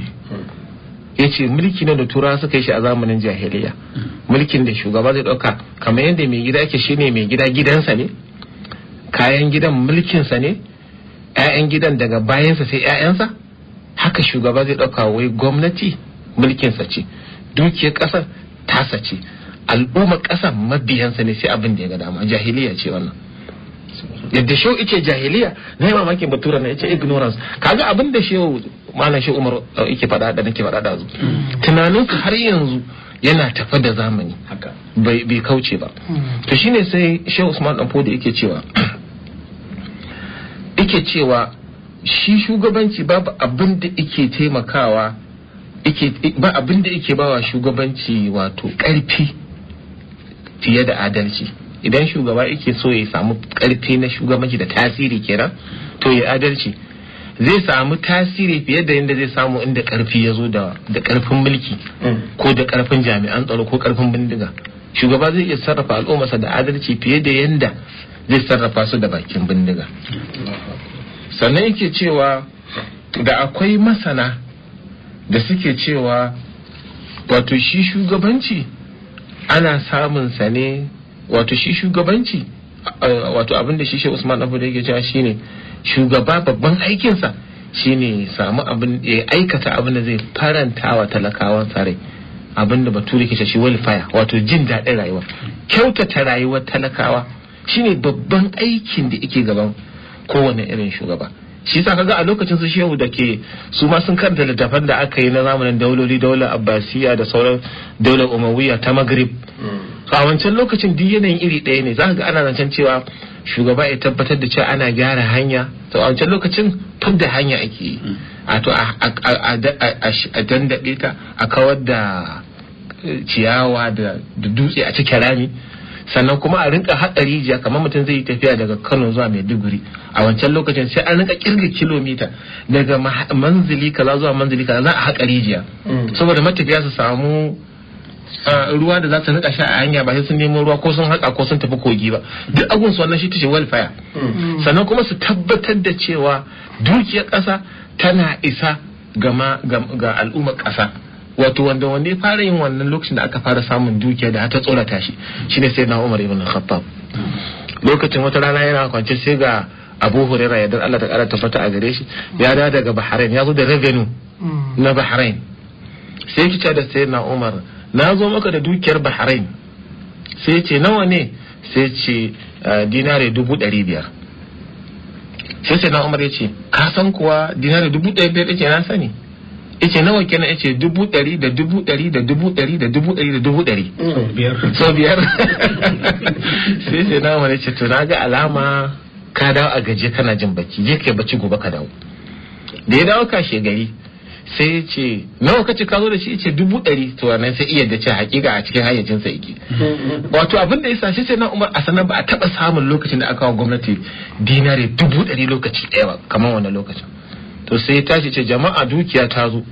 ya ce mulki na da tura suka yi shi a zamanin jahiliya mm. mulkin da shugaba zai ɗauka kamar yadda mai gida ke shine mai gida gidansa ne kayan gidan mulkinsa ne 'ya'yan gidan daga bayansa sai 'ya'yansa haka shugaba zai ɗauka wai gwamnati mulkinsa ce dukiyar ƙasar tasa ce al'umma ƙasa mabiyansa ne sai abin da ya ga dama jahiliya ce wannan yadda shehu ice jahiliya na yi mamakin batura na ice ignorance kaga abin da shehu malam shehu umar uh, yake faɗa da nake faɗa da zu ka har yanzu yana tafa da zamani bai kauce ba to shine sai shehu usman dan fodi yake cewa yake cewa shi shugabanci babu abin da yake taimakawa ba abin da yake bawa shugabanci wato karfi fiye da adalci idan shugaba yake so ya samu karfi na shugabanci da tasiri kenan to ya adalci zai samu tasiri fiye da yadda zai samu inda karfi ya zo da karfin mulki mm. ko da karfin jami'an tsaro ko karfin bindiga shugaba zai iya sarrafa al'ummarsa da adalci fiye da yadda zai sarrafa su da bakin bindiga sannan yake cewa da akwai masana da suke cewa wato shi shugabanci ana samun sa ne wato shi shugabanci wato abin da shi shi Usman Abu da yake cewa shine shugaba babban aikinsa shine samu abin ya aikata abin da zai faranta wa talakawan sarai abin da bature ke shi welfare wato jin daɗin rayuwa kyautata rayuwar talakawa shine babban aikin da yake gaban kowane irin shugaba shi sa kaga a lokacin su shehu da ke su ma sun karanta littafan da aka yi na zamanin dauloli daular abbasiya da sauran daular umawiya ta magrib mm. a wancan lokacin duk yanayin iri ɗaya ne za ga ana zancen cewa shugaba ya tabbatar da cewa ana gyara hanya to a wancan lokacin tun da hanya ake yi mm. a to a dandaɗe ta a kawar da eh, ciyawa da dutse a cikin rami sannan kuma a rinka haƙa rijiya kamar mutum zai yi tafiya daga kano zuwa maiduguri a wancan lokacin sai an rinka kirga kilomita daga manzili kaza zuwa manzili kaza za a haƙa rijiya mm. saboda matafiya su samu ah, ruwa da za su rika sha a hanya ba sai sun nemo ruwa ko sun haƙa ko sun tafi kogi ba duk agun su wannan shi tace welfare mm. sannan kuma su tabbatar da cewa dukiyar ƙasa tana isa ga al'ummar ƙasa wato wanda wanda ya fara yin wannan lokacin da aka fara samun dukiya da ta tsorata shi shine sai na Umar ibn Khattab lokacin wata rana yana kwance sai ga Abu hurera ya Allah ta kara tabbata a gare shi ya dawo daga Bahrain ya zo da revenue na Bahrain sai kice da sai na Umar na zo maka da dukiyar Bahrain sai ce nawa ne sai ce ah, dinare dubu ɗari biyar sai sai na Umar ya ce ka san kuwa dinare dubu ɗari biyar ɗake na sani yace nawa kenan yace dubu ɗari da dubu ɗari da dubu ɗari da dubu ɗari da dubu ɗari so biyar sai sai na wani ce to na ga alama ka dawo a gaje kana jin bacci je ka bacci gobe ka dawo da ya dawo kashe gari sai ya ce nawa kace ka zo da shi ya ce dubu ɗari to wannan sai iya da ce hakika a cikin hayyacin sa yake wato abin da yasa shi sai na umar a sanar ba a taba samun lokacin da aka wa gwamnati dinare dubu ɗari lokaci ɗaya ba kamar wannan lokacin to sai ya tashi ce jama'a dukiya ta zo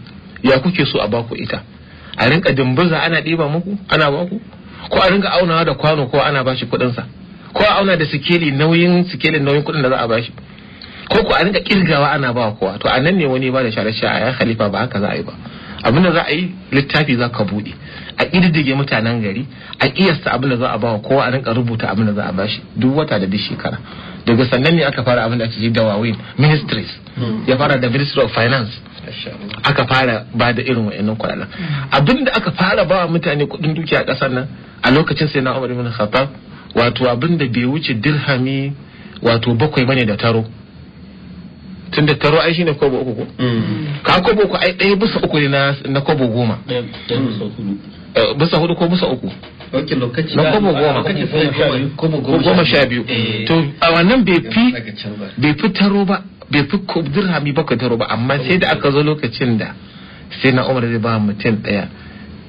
ya kuke so a baku ita a rinka dimbaza ana ɗiba muku ana baku ko a rinka aunawa da kwano ko ana bashi kuɗin sa ko a auna da sikeli nauyin sikelin nauyin kuɗin da za a bashi ko ko a rinka kirgawa ana ba kowa to a nan ne wani ba da share a ya khalifa ba haka za a yi ba abin da za a yi littafi za ka buɗe a ƙididdige mutanen gari a ƙiyasta abin da za a ba kowa a rinka rubuta abin da za a bashi duk wata da duk shekara daga sannan ne aka fara abin da ake ji wawin ministries hmm. ya fara da ministry of finance aka fara ba da irin wa'annan kuɗaɗen hmm. abin da aka fara ba mutane kuɗin dukiya a ƙasar nan a lokacin sai na umar ibn khattab wato abin da bai wuce dirhami wato bakwai bane da taro tun da taro ai shine kobo uku ko hmm. ka kobo uku ai ɗaya bisa uku ne na kobo goma eh, bisa hudu ko bisa uku ok lokaci na goma goma sha biyu eh. to a wannan bai fi bai fi sai da aka zo lokacin da sai na umar zai ba mutum daya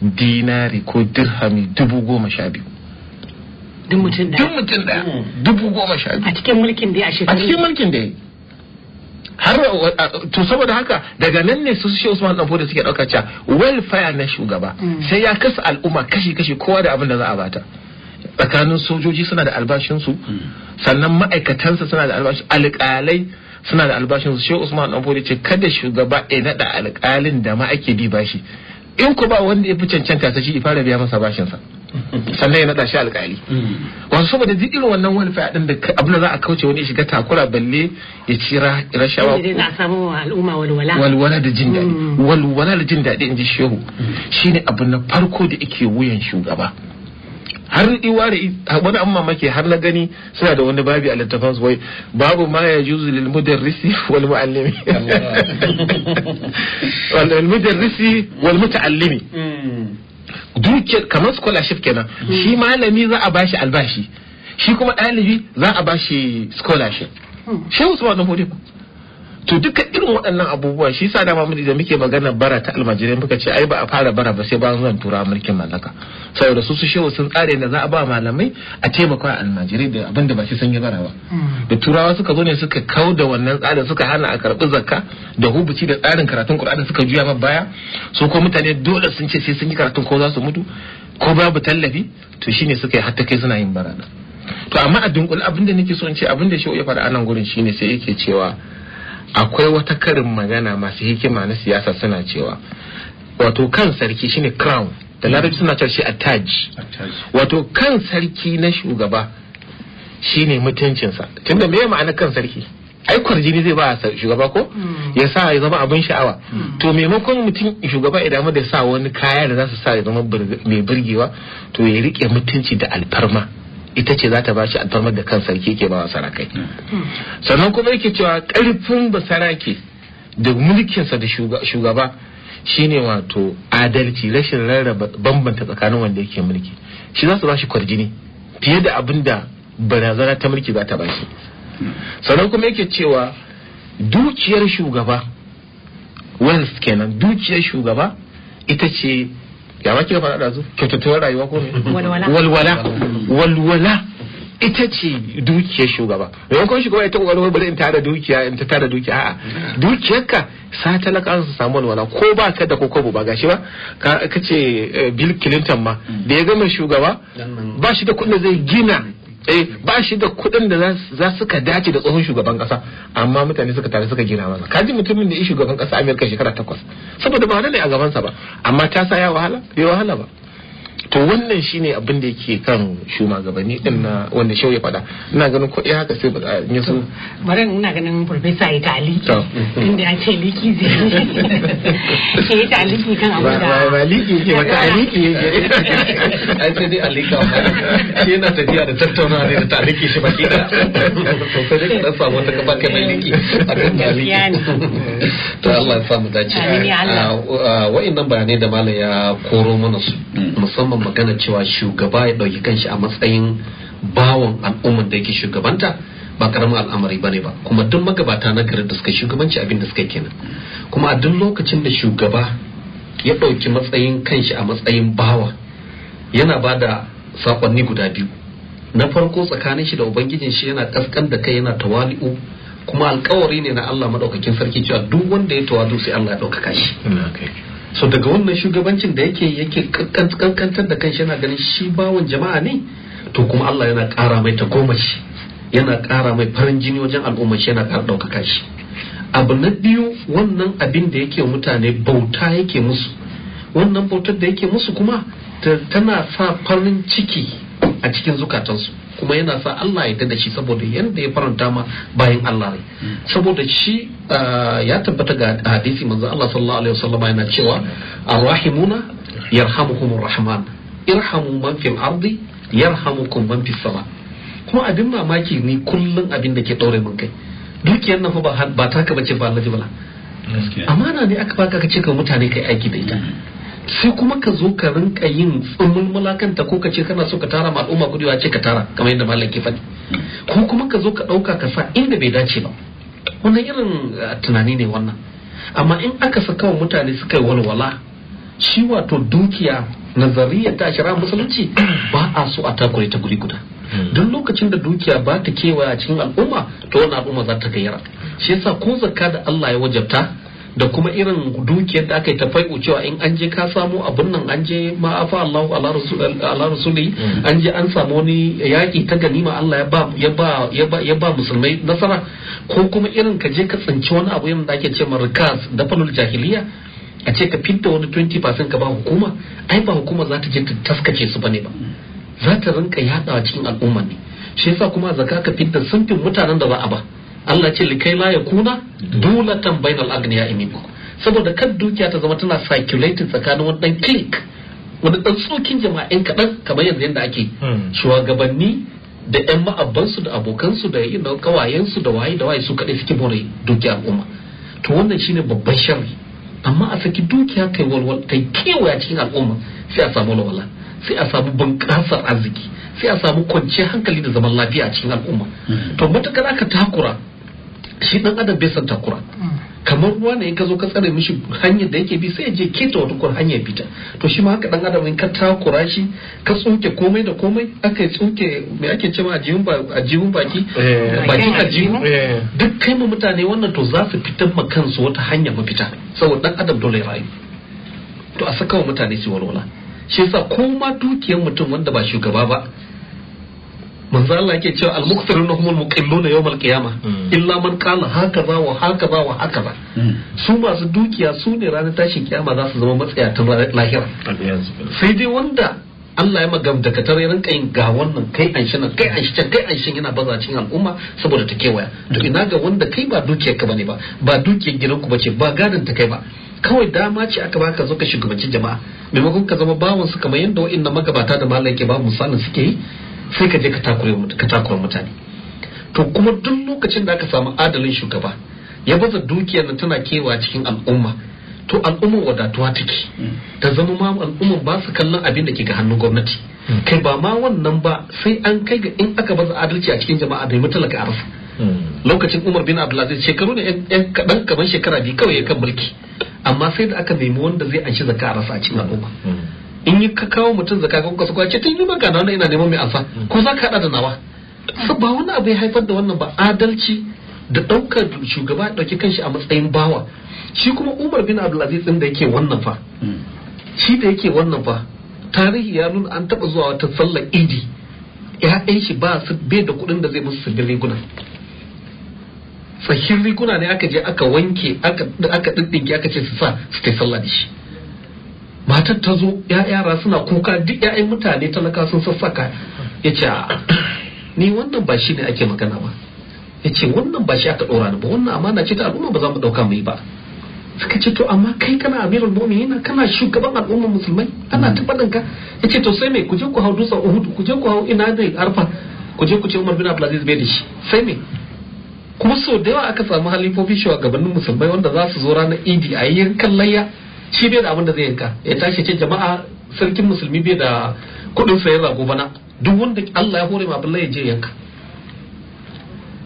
dinari ko dirhami dubu goma sha biyu duk mutum daya dubu goma sha biyu a cikin mulkin da ya a cikin mulkin da ya har uh, to saboda haka daga nan ne su shi Usman dan Fodo suke dauka cewa welfare na shugaba mm. sai ya kasa al'umma kashi kashi kowa da abin da za a bata tsakanin sojoji suna da albashinsu mm. sannan ma'aikatansa suna da albashin alƙalai suna da albashinsu shi Usman dan Fodo ce kada shugaba ya nada alƙalin da ma ake bi bashi in ku ba wanda ya fi cancanta sai shi ya fara biya masa bashinsa sannan ya naɗa shi alƙali wasu saboda duk irin wannan wani din da abin da za a kauce wani shiga takura balle ya ci rashawa walwala da jin daɗi mm. walwala da jin daɗi in ji shehu mm. shine abu na farko da yake wuyan shugaba har ware wani amma make har na gani suna da wani babi a littafin su wai babu ma ya juzu lil mudarrisi wal muallimi wal mudarrisi wal mutaallimi mm. duke kamar scholarship kenan hmm. shi malami za a bashi albashi shi kuma ɗalibi za a bashi scholarship hmm. shehu usman dan to duka irin waɗannan abubuwa shi sa dama mu da muke magana bara ta almajirai muka ce ai ba a fara bara ba sai bayan zuwan tura mulkin mallaka saboda su su shehu sun tsare da za a ba malamai a taimaka almajirai da abin da ba shi sun yi bara ba mm. da turawa suka zo ne suka kau da wannan tsarin suka hana a karɓi zakka da hubuci da tsarin karatun kur'ani suka juya ma baya su ko mutane dole sun ce sai sun yi karatun ko za su mutu ko babu tallafi to shine suka yi hatta kai suna yin bara to amma a dunkul abin da nake so in ce abin da shehu ya faɗa a nan gurin shine sai yake cewa akwai wata karin magana masu hikima na siyasa suna cewa wato kan sarki shine crown da mm. larabci suna cewa shi attaj wato kan sarki na shugaba shine mutuncinsa tunda me ma'ana kan sarki ai kwarjini zai ba shugaba ko mm. ya sa ya zama abin sha'awa mm. to maimakon mutum shugaba idan da sa wani kaya da za su sa ya zama mai burgewa to ya rike mutunci da alfarma ita ce za ta ba shi alfarmar da kan sarki ke ba wa sarakai hmm. sannan kuma yake cewa karfin saraki da mulkinsa da shugaba shine wato adalci rashin rarraba bambanta tsakanin wanda yake mulki shi za su ba shi kwarjini fiye da abin da barazana ta mulki za ta ba shi sannan kuma yake cewa dukiyar shugaba suke kenan dukiyar shugaba ita ce ya ki kika faɗa da su kyautatuwar rayuwa ko ne walwala walwala ita ce dukiyar shugaba maimakon shugaba ita kokarin bari in tara dukiya in ta tara dukiya a'a dukiyarka sa talaka su samu walwala ko ba ka da kokobo ba gashi ba ka ce eh, Bill Clinton ma mm. da ya gama shugaba ba shi da kuɗin zai gina eh ba shi da kuɗin da za su ka dace da tsohon shugaban kasa amma mutane suka tare suka gina masa kaji mutumin da ya shugaban kasa Amerika shekara takwas saboda ba wani ne a gabansa ba amma ta sa ya wahala ya wahala ba to wannan shine abin da yake kan shugabanni din na wanda shau ya fada ina ganin ko eh haka sai ba a yi su bari ina ganin professor ya taliki inda ya ce liki zai ke ya taliki kan abu da ba liki ke ba ta liki ya yake an ce dai alika shi yana tafiya da tattauna ne da taliki shi baki da to sai dai ka samu wata kafa kai mai liki a kan liki to Allah ya samu dace wa'annan bayanai da malam ya koro mana su mm. musamman akan magana cewa shugaba ya ɗauki kanshi a matsayin bawan al'ummar da yake shugabanta ba karamin al'amari bane ba kuma duk magabata na gari da suka shugabanci abin da suka kenan kuma a duk lokacin da shugaba ya ɗauki matsayin kanshi a matsayin bawa yana ba da sakonni guda biyu na farko tsakanin shi da ubangijin shi yana kaskan da kai yana tawali'u kuma alkawari ne na Allah madaukakin sarki cewa duk wanda ya tawadu sai Allah ya ɗaukaka shi so daga wannan shugabancin da yake yake kankantar da kanshi yana ganin shi bawon jama'a ne to kuma Allah yana ƙara mai shi yana ƙara mai farin jini wajen al'umma shi yana ƙara ɗaukaka shi abu na biyu wannan abin da yake mutane bauta yake musu wannan bautar da yake musu kuma tana sa farin ciki a cikin zukatansu kuma yana sa Allah ya da shi saboda yadda ya faranta ma bayan Allah ne. Hmm. saboda shi ya tabbata ga hadisi manzo Allah sallallahu alaihi wasallam yana cewa arrahimuna yarhamukumur rahman irhamu man fil ardi yarhamukum man fis sama kuma abin mamaki ni kullun abin da ke daure mun kai dukiyar nan fa ba ta ka bace ba Allah bala amana ne aka baka ka ce ka mutane kai aiki da ita sai kuma ka zo ka rinka yin tsumulmula kanta ko ka ce kana so ka tara ma al'umma kudi ce ka tara kamar yadda malam ke faɗi ko kuma ka zo ka ɗauka ka sa inda bai dace ba wannan irin eh, tunani ne wannan amma in aka saka wa mutane suka yi walwala shi wato dukiya nazariyar ta shara musulunci ba a so a takure ta guri guda hmm. don lokacin da dukiya ba ta kewaya cikin al'umma to wani al'umma za ta gayyara shi yasa ko zakka da Allah ya wajabta da kuma irin dukiyar da aka yi fai'u cewa in an je ka samu abun nan an je ma'afa Allahu ala rasuli mm. an je an samu wani yaƙi ta ganima Allah ya ba musulmai nasara ko kuma irin ka je ka tsinci wani abu yadda ake ce marikas da falul jahiliya a ce ka fidda wani 20% ka ba hukuma ai ba hukuma za ta je ta taskace su bane ba za ta rinka yaɗawa cikin al'umma ne shi yasa kuma zaka ka fidda sunfin mutanen da za a ba Allah ce likai la yakuna dulatan bainal agniya minkum saboda kan dukiya ta zama tana circulating tsakanin wani dan click wani dan tsokin jama'in kaɗan kamar yanzu yadda ake hmm. shugabanni da yan ma'abbansu da abokansu da yin kawayensu da waye da waye su kaɗai suke more dukiya al'umma to wannan shine babban sharri amma a saki dukiya kai walwal kai kewaya cikin al'umma sai a samu walwala sai a samu bunƙasar arziki sai a samu kwanciyar hankali da zaman lafiya a cikin al'umma hmm. to matuƙar aka takura shi dan adam bai san takura mm. kamar ruwa ne in ka zo ka tsare mishi hanyar da yake bi sai ya je keta wata kur hanyar bita to shi ma haka dan adam in ka takura shi ka tsoke komai da komai aka tsoke me ake cewa a jihun baki eh. baki ajiyu eh. duk kai mu mutane wannan to za su fitar ma kansu wata hanya mafita saboda dan adam dole ya rayu to a saka wa mutane su walwala shi yasa ko ma dukiyar mutum wanda ba shugaba ba manzo Allah yake cewa al-muqtarun humul muqilluna yawmal qiyama hmm. illa man qala hakaza wa hakaza wa hakaza hmm. su masu dukiya su ne ranar tashin kiyama za su zama matsaya ta lahira sai dai wanda Allah ya magam da ka ya rinka yin ga wannan kai an shi kai an shi kai an shi yana baza cikin al'umma saboda ta kewaya to hmm. ina ga wanda kai ba dukiyar ka bane ba ba dukiyar ku bace ba gadan ta kai ba kawai dama ce aka baka zo ka shugabancin jama'a maimakon ka zama bawansu kamar yadda na magabata da malaike ba misalin suke yi sai ka je ka takura mutane to kuma duk lokacin da aka samu adalin shugaba ya baza dukiyar nan tana kewa cikin al'umma to al'ummar wadatuwa take mm. ta zama ma al'umma ba su kallon abin da ke ga hannun gwamnati mm. kai ba ma wannan ba sai an kai ga in aka baza adalci a cikin jama'a da mutalaka ka rasa mm. lokacin umar bin abdulaziz shekaru ne yan kaɗan kamar shekara biyu kawai ya kan mulki amma sai da aka nemi wanda zai anshi zaka a cikin al'umma in yi ka kawo mutum zaka ko kasu kwace tun yi baka na ina neman mai amsa mm. ko za ka haɗa da nawa ba wani abu ya haifar da wannan ba adalci da ɗaukar shugaba ya ɗauki kanshi a matsayin bawa shi kuma umar bin abdulaziz din da yake wannan fa mm. shi da yake wannan fa tarihi ya nuna an taɓa zuwa wata sallar idi ya'yan shi ba su bai da kuɗin da zai musu sabbin riguna sahin riguna ne aka je aka wanke aka ɗiɗɗinke aka ce su sa su ta sallah da shi matar ta zo ya yara suna kuka duk ya'yan mutane talaka sun sassaka ya ce ni wannan ba shi ne ake magana ba ya ce wannan ba shi aka ɗora ni ba wannan amana ce ta al'umma ba za mu ɗauka mu yi ba suka ce to amma kai kana amirul mu'minin kana shugaban al'ummar musulmai ana ta faɗin ka ya ce to sai mai ku je ku hau dutsen uhud ku je ku hau ina zai arfa ku je ku ce umar bin abdulaziz bai da shi sai mai kuma sau da yawa aka samu halifofi shugabannin musulmai wanda za su zo ranar idi a yi yankan layya shi bai da abin da zai yanka ya tashi ce jama'a sarkin musulmi bai da kudin sayar rago bana duk wanda Allah ya hore ma ya je yanka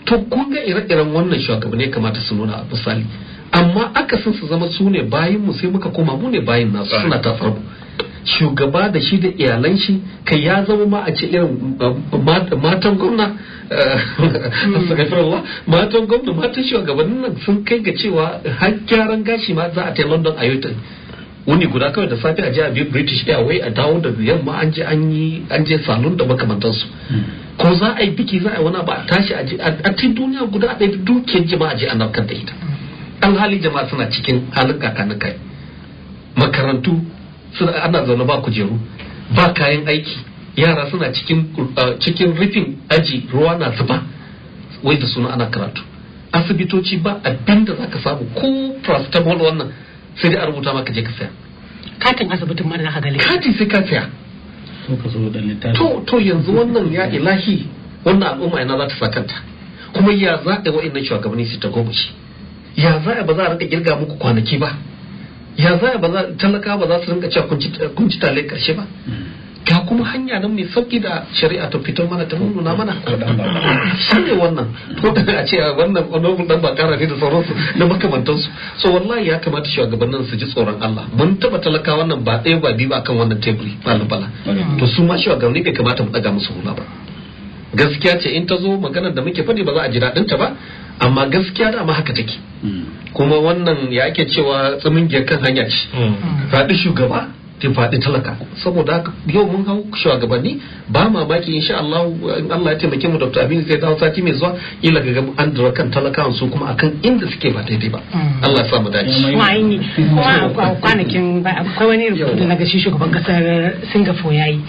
to kun ga ire-iren wannan ne kamata su nuna misali amma aka akasin su zama sune ne bayin mu sai muka koma mu ne bayin nasu suna ta farko shugaba da shi da iyalan shi kai ya zama ma a ce irin uh, matan gwamna uh, hmm. matan gwamna matan shugabannin nan sun kai ga cewa har gyaran gashi ma za a tai london a yau wuni guda kawai da safe a je a biyu british airway a dawo da yamma an je an yi an je salon da makamantansu hmm. ko za a yi biki za a yi wani ba a tashi a je a cikin duniya guda a ɗaya dukiyar jama'a je a nafkar da ita hmm. alhali jama'a suna cikin halin kakanin kai makarantu suna ana zaune ba kujeru ba kayan aiki yara suna cikin uh, cikin rufin aji ruwa na zuba wai da suna ana karatu asibitoci ba abin da zaka samu ko paracetamol wannan sai dai a rubuta maka je ka saya katin asibitin mara zaka gale katin sai ka saya to to yanzu wannan ya ilahi wannan al'umma ina za ta sakanta kuma ya za a wa'annan shugabanni su ta gomace ya za a ba za a rika girga muku kwanaki ba ya za ba za talaka ba za su rinka cewa kun ci talai karshe ba mm. ga kuma hanya nan mai sauki da shari'a ta fito mana ta nuna mana shi ne wannan ko da a ce wannan onobin dan bakara ne da sauransu na makamantansu so wallahi ya kamata shugabannin su ji tsoron Allah mun taba talaka wannan ba ɗaya ba biyu ba kan wannan teburi bala bala to su ma shugabanni bai kamata mu daga musu hula ba gaskiya ce in ta zo maganar da muke faɗi ba za a ji daɗinta ba amma gaskiya dama haka take mm. kuma wannan ya ake cewa tsamin kan hanya ce faɗi hmm. shugaba ta faɗi talaka saboda haka yau mun hau shugabanni ba mamaki insha Allah in Allah ya taimake mu Dr. Aminu zai dawo sati mai zuwa ila ga an dora kan talakawan su kuma akan inda suke ba daidai ba mm. Allah ya sa mu dace kuma kuma kwanakin akwai wani rubutu na gashi shugaban kasar Singapore yayi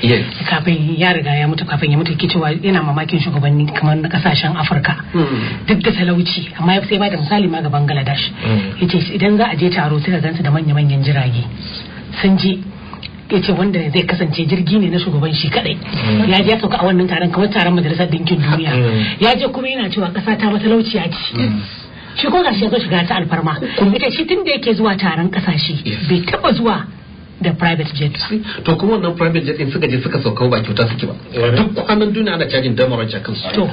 kafin ya riga ya mutu kafin ya mutu yake cewa yana mamakin shugabanni kamar na kasashen Afirka mm. duk da talauci amma sai ba da misali ma ga Bangladesh mm. yace idan za a je taro sai ka gansu da manya-manyan jirage sun je ya ce wanda zai kasance jirgi ne na shugaban shi kadai mm. ya je ya sauka a wannan taron kamar taron majalisar dinkin duniya mm. ya je kuma yana cewa kasa ta matalauciya ce mm. shi ko gashi ya zo shiga ta alfarma ita shi tun da yake zuwa taron kasashe bai taba zuwa da private jet to kuma wannan private jet din suka je suka sauka ba kyauta suke ba eh. duk kwanan duniya ana cajin damarar cakan su to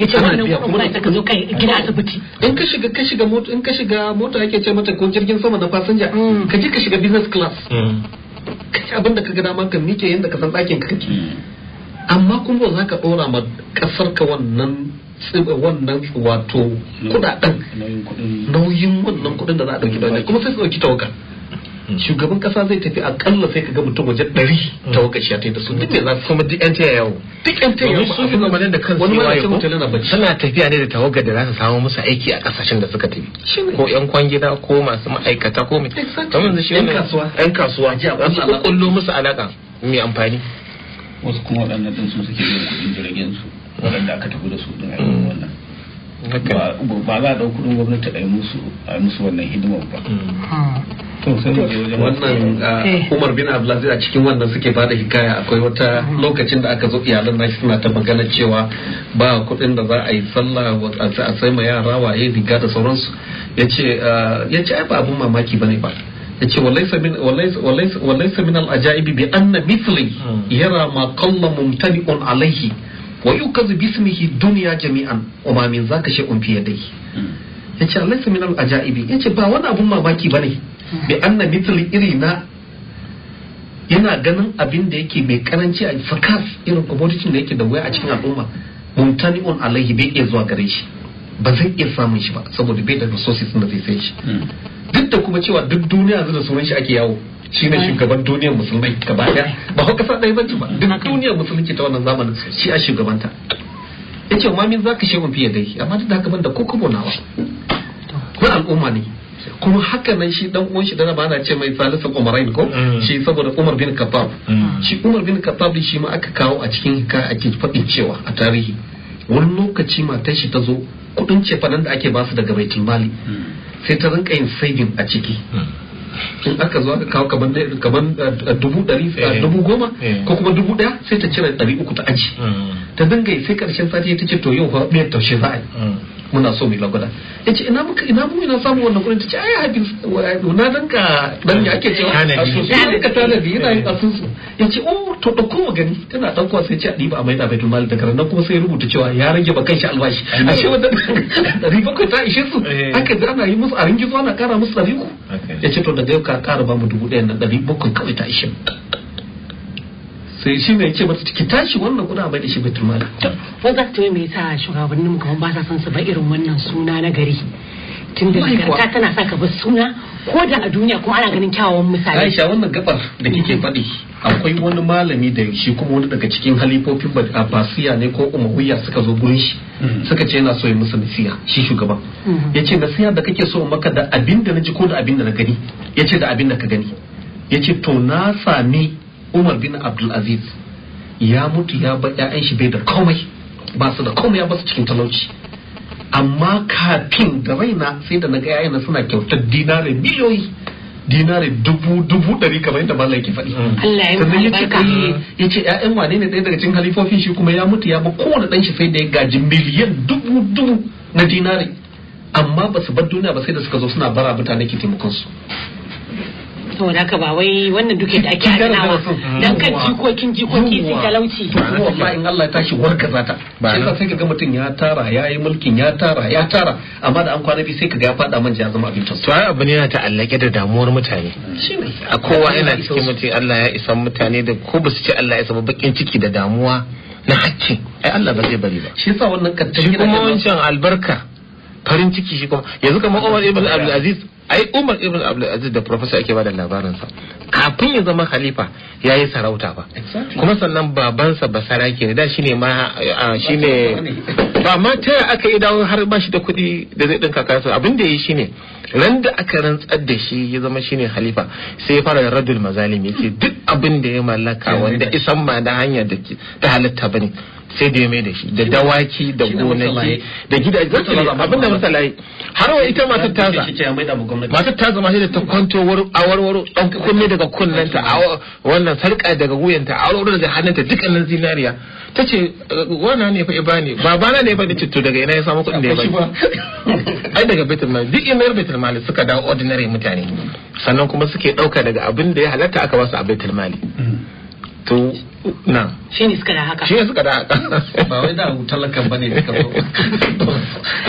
yace wannan kuma ta ka zo kai gida asibiti in ka shiga ka shiga mota in ka shiga mota yake ce mata ko jirgin sama da fasinja ka je ka shiga business class kai abin da ka ga dama ka mike yadda ka san ɗakin ka kake hmm. amma kuma za ka ɗora ma ƙasar ka wannan wannan wato hmm. kuɗaɗen nauyin wannan kuɗin da za a ɗauki hmm. ne kuma sai su ɗauki tawaka Hmm. shugaban kasa zai tafi akalla sai ka ga mutum wajen ɗari hmm. ta wakashi a da su duk da za su kuma duk yan taya yawo duk yan taya yawo sun fi zamanin da kan wani wani mutum suna tafiya ne da tawagar da za su samu musu aiki a kasashen da suka tafi ko yan kwangila ko masu ma'aikata ko mai kamar da shi yan kasuwa yan kasuwa wasu kullo musu alaka mai amfani wasu kuma waɗannan ɗin su suke yin kuɗin jiragen su waɗanda aka tafi da su ɗin hmm. wannan ba za a ɗau kuɗin gwamnati a yi musu musu wannan hidimar ba hmm. wannan ah, eh. umar bin abdulaziz a cikin wannan suke ba da hikaya akwai wata hmm. lokacin da aka zo iyalin nashi suna ta magana cewa ba kuɗin da za a yi sallah a sai ma yara waye riga da sauransu yace ah, yace ai ba abun mamaki bane ba yace ce min walaysa min al-ajaibi bi anna mithli hmm. yara ma qalla mumtani'un alayhi wa yukazu bismihi duniya jami'an wa min zaka shay'un fi dai yace alaysa min al-ajaibi yace ba wani abun mamaki bane bi anna mithli iri na yana ganin abin da yake mai karanci a fakas irin commodity da yake da waya a cikin al'umma on alaihi bai iya zuwa gare shi ba zai iya samun shi ba saboda bai da resources da zai sai shi duk da kuma cewa duk duniya zai da sunan shi ake yawo shi ne shugaban duniyar musulmai gaba daya ba ko kasa ɗaya bace ba duk duniyar musulunci ta wannan zamanin shi a shugabanta yace ma min zaka shemun fiye dai amma duk da haka ban da ko kobo nawa ko al'umma ne kuma haka nan shi dan uwan shi da ba na ce mai salisu umarain ko mm. shi saboda umar bin khattab mm. shi umar bin khattab shi ma aka kawo a cikin hikaya ake faɗin cewa a tarihi wani lokaci matar shi ta zo kudin cefanan da ake basu daga baitul mali mm. sai ta rinka yin saving a ciki in aka zo aka kawo kaman kaman eh, dubu dari eh, eh. dubu goma ko kuma dubu ɗaya sai ta cire dari uku ta aji hmm. ta dinga sai karshen sati ta ce to yau fa miyar taushe za a yi hmm. muna so mu lagwada ya ce ina muka ina mu ina samu wannan kudin ta ce ai hadin na danka dan ya ake cewa asusu ne ka bi yana yin asusu ya ce oh to da mu gani tana dauko sai ce a diba a maida baitul mal da karanta kuma sai rubuta cewa ya rage ba kanshi albashi a ce wannan dari bakwai ta ishe su eh. haka da ana yi musu a ringizo ana kara musu dari uku ya ce to daga yau ka kara ba mu dubu ɗaya na dari bakwai kawai ta ishe sai shi mai ce mata ki tashi wannan kuna bai da shi baitul mali ko za ta me yasa shugabannin mu kuma ba sa san su ba irin wannan suna na gari tun da tana sa ka bar suna ko da a duniya kuma ana ganin kyawawan misali Aisha wannan gabar da kike faɗi akwai wani malami da shi kuma wani daga cikin halifofin Abbasiya ne ko Umayya suka zo gurin shi hmm. suka ce yana so ya musu nasiha shi shugaban hmm. yace nasiha da kake so maka da abinda naji ko da abinda na gani yace da abinda ka gani yace to na sami Umar bin Abdul Aziz ya mutu ya ba 'ya'yan shi bai da komai ba su da komai ya su cikin talauci amma kafin da raina sai da na ga yayin suna kyautar dinare miliyoyi dinare dubu dubu dari kamar yadda mallam yake faɗi. Mm. Allah ya sannan kai ya ce eh, 'ya'yan wane ne ɗaya daga cikin halifofin shi kuma ya mutu ya ba kowane ɗan shi sai da ya gaji miliyan dubu dubu na dinare amma ba su bar duniya ba sai da suka zo suna bara mutane ke taimakon su. saboda haka ba wai wannan duke da ake hana ba dan kan jikokin jikoki sai talauci amma in Allah ya tashi warka zata shi yasa sai kaga mutum ya tara ya yi mulkin ya tara ya tara amma da an kwana biyu sai kaga ya fada manja ya zama abincin to ai abu ne yana ta'allake da damuwar mutane a kowa yana cikin mutum Allah ya isa mutane da ko ba su ci Allah ya isa ba bakin ciki da damuwa na hakki ai Allah ba zai bari ba shi yasa wannan kattan kuma wancan albarka farin ciki shi kuma yanzu kamar Umar ibn Abdul Aziz ai Umar ibn Abdul Aziz da professor ake bada labarin sa kafin ya zama khalifa yi sarauta ba kuma sannan babansa basarake ne da shine ma shine ba ma ta aka yi dawo har ba shi da kuɗi da zai dinka kasu abin da yi shine ran da aka rantsar da shi ya zama shine khalifa sai ya fara da radul mazalim ce duk abin da ya mallaka wanda isan ma da hanya da ta halatta bane sai da ya mai da shi da dawaki da gonaki da gidaje abin da har wa ita matar tasa gwamnati matar ta zama da ta kwanto awarwaro ɗan komai daga kunnanta wannan sarƙa daga wuyanta a awarwaro daga hannunta dukkanin zinariya ta ce eh, wannan ne fa ba babana ne fa cito daga ina ya samu kuɗin da ya bani ai daga betul mali duk imayar betul mali suka dawo ordinary mutane sannan kuma suke ɗauka daga abin da ya halatta aka basu a betul mali hmm. to na shi ne suka da haka shi ne suka da haka ba wai da talakan bane suka zo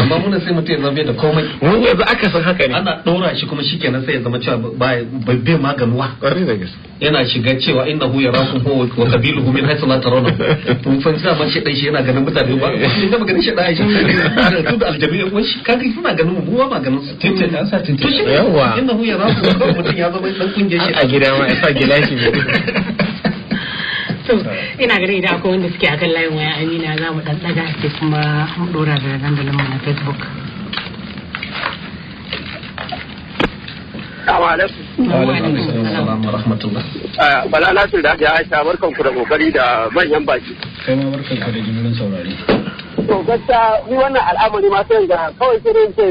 amma muna sai mutum ya zama da komai mun yanzu aka san haka ne ana dora shi kuma shikenan sai ya zama cewa ba bai maganuwa kare da gaske yana shiga cewa innahu yarakum huwa wa qabiluhu min haythu la tarawna mun fa da mace dan shi yana ganin mutane ba shi da maganin shi da shi da su da aljabi ko shi kaga suna ganin mu buwa maganin su tinta da sa tinta yawa innahu yarakum huwa mutum ya zama dan kungiyar shi a gida ma ya sa gilashi to ina ganin idan akwai wanda suke akan layin waya amina za mu dan daga sai kuma mu dora da dandalin mu na facebook ah, Bala Nasir da Hajiya Aisha barkan ku da kokari da manyan baki. Kai ma barkan ka da jimirin saurari. To gaskiya ni wannan al'amari ma sai ga kawai sai ce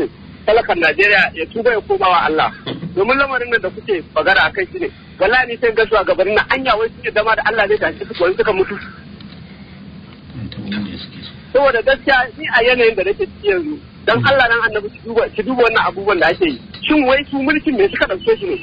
talakan Najeriya ya tuba ya koma wa Allah. Domin lamarin nan da kuke bagara a kai shi ne. wallahi ni sai ga gabanin na anya wai suke dama da Allah zai tashi su suka mutu saboda gaskiya ni a yanayin da nake ciki yanzu dan Allah nan annabi ki duba ki duba wannan abubuwan da ake yi shin wai su mulkin me suka dauke shi ne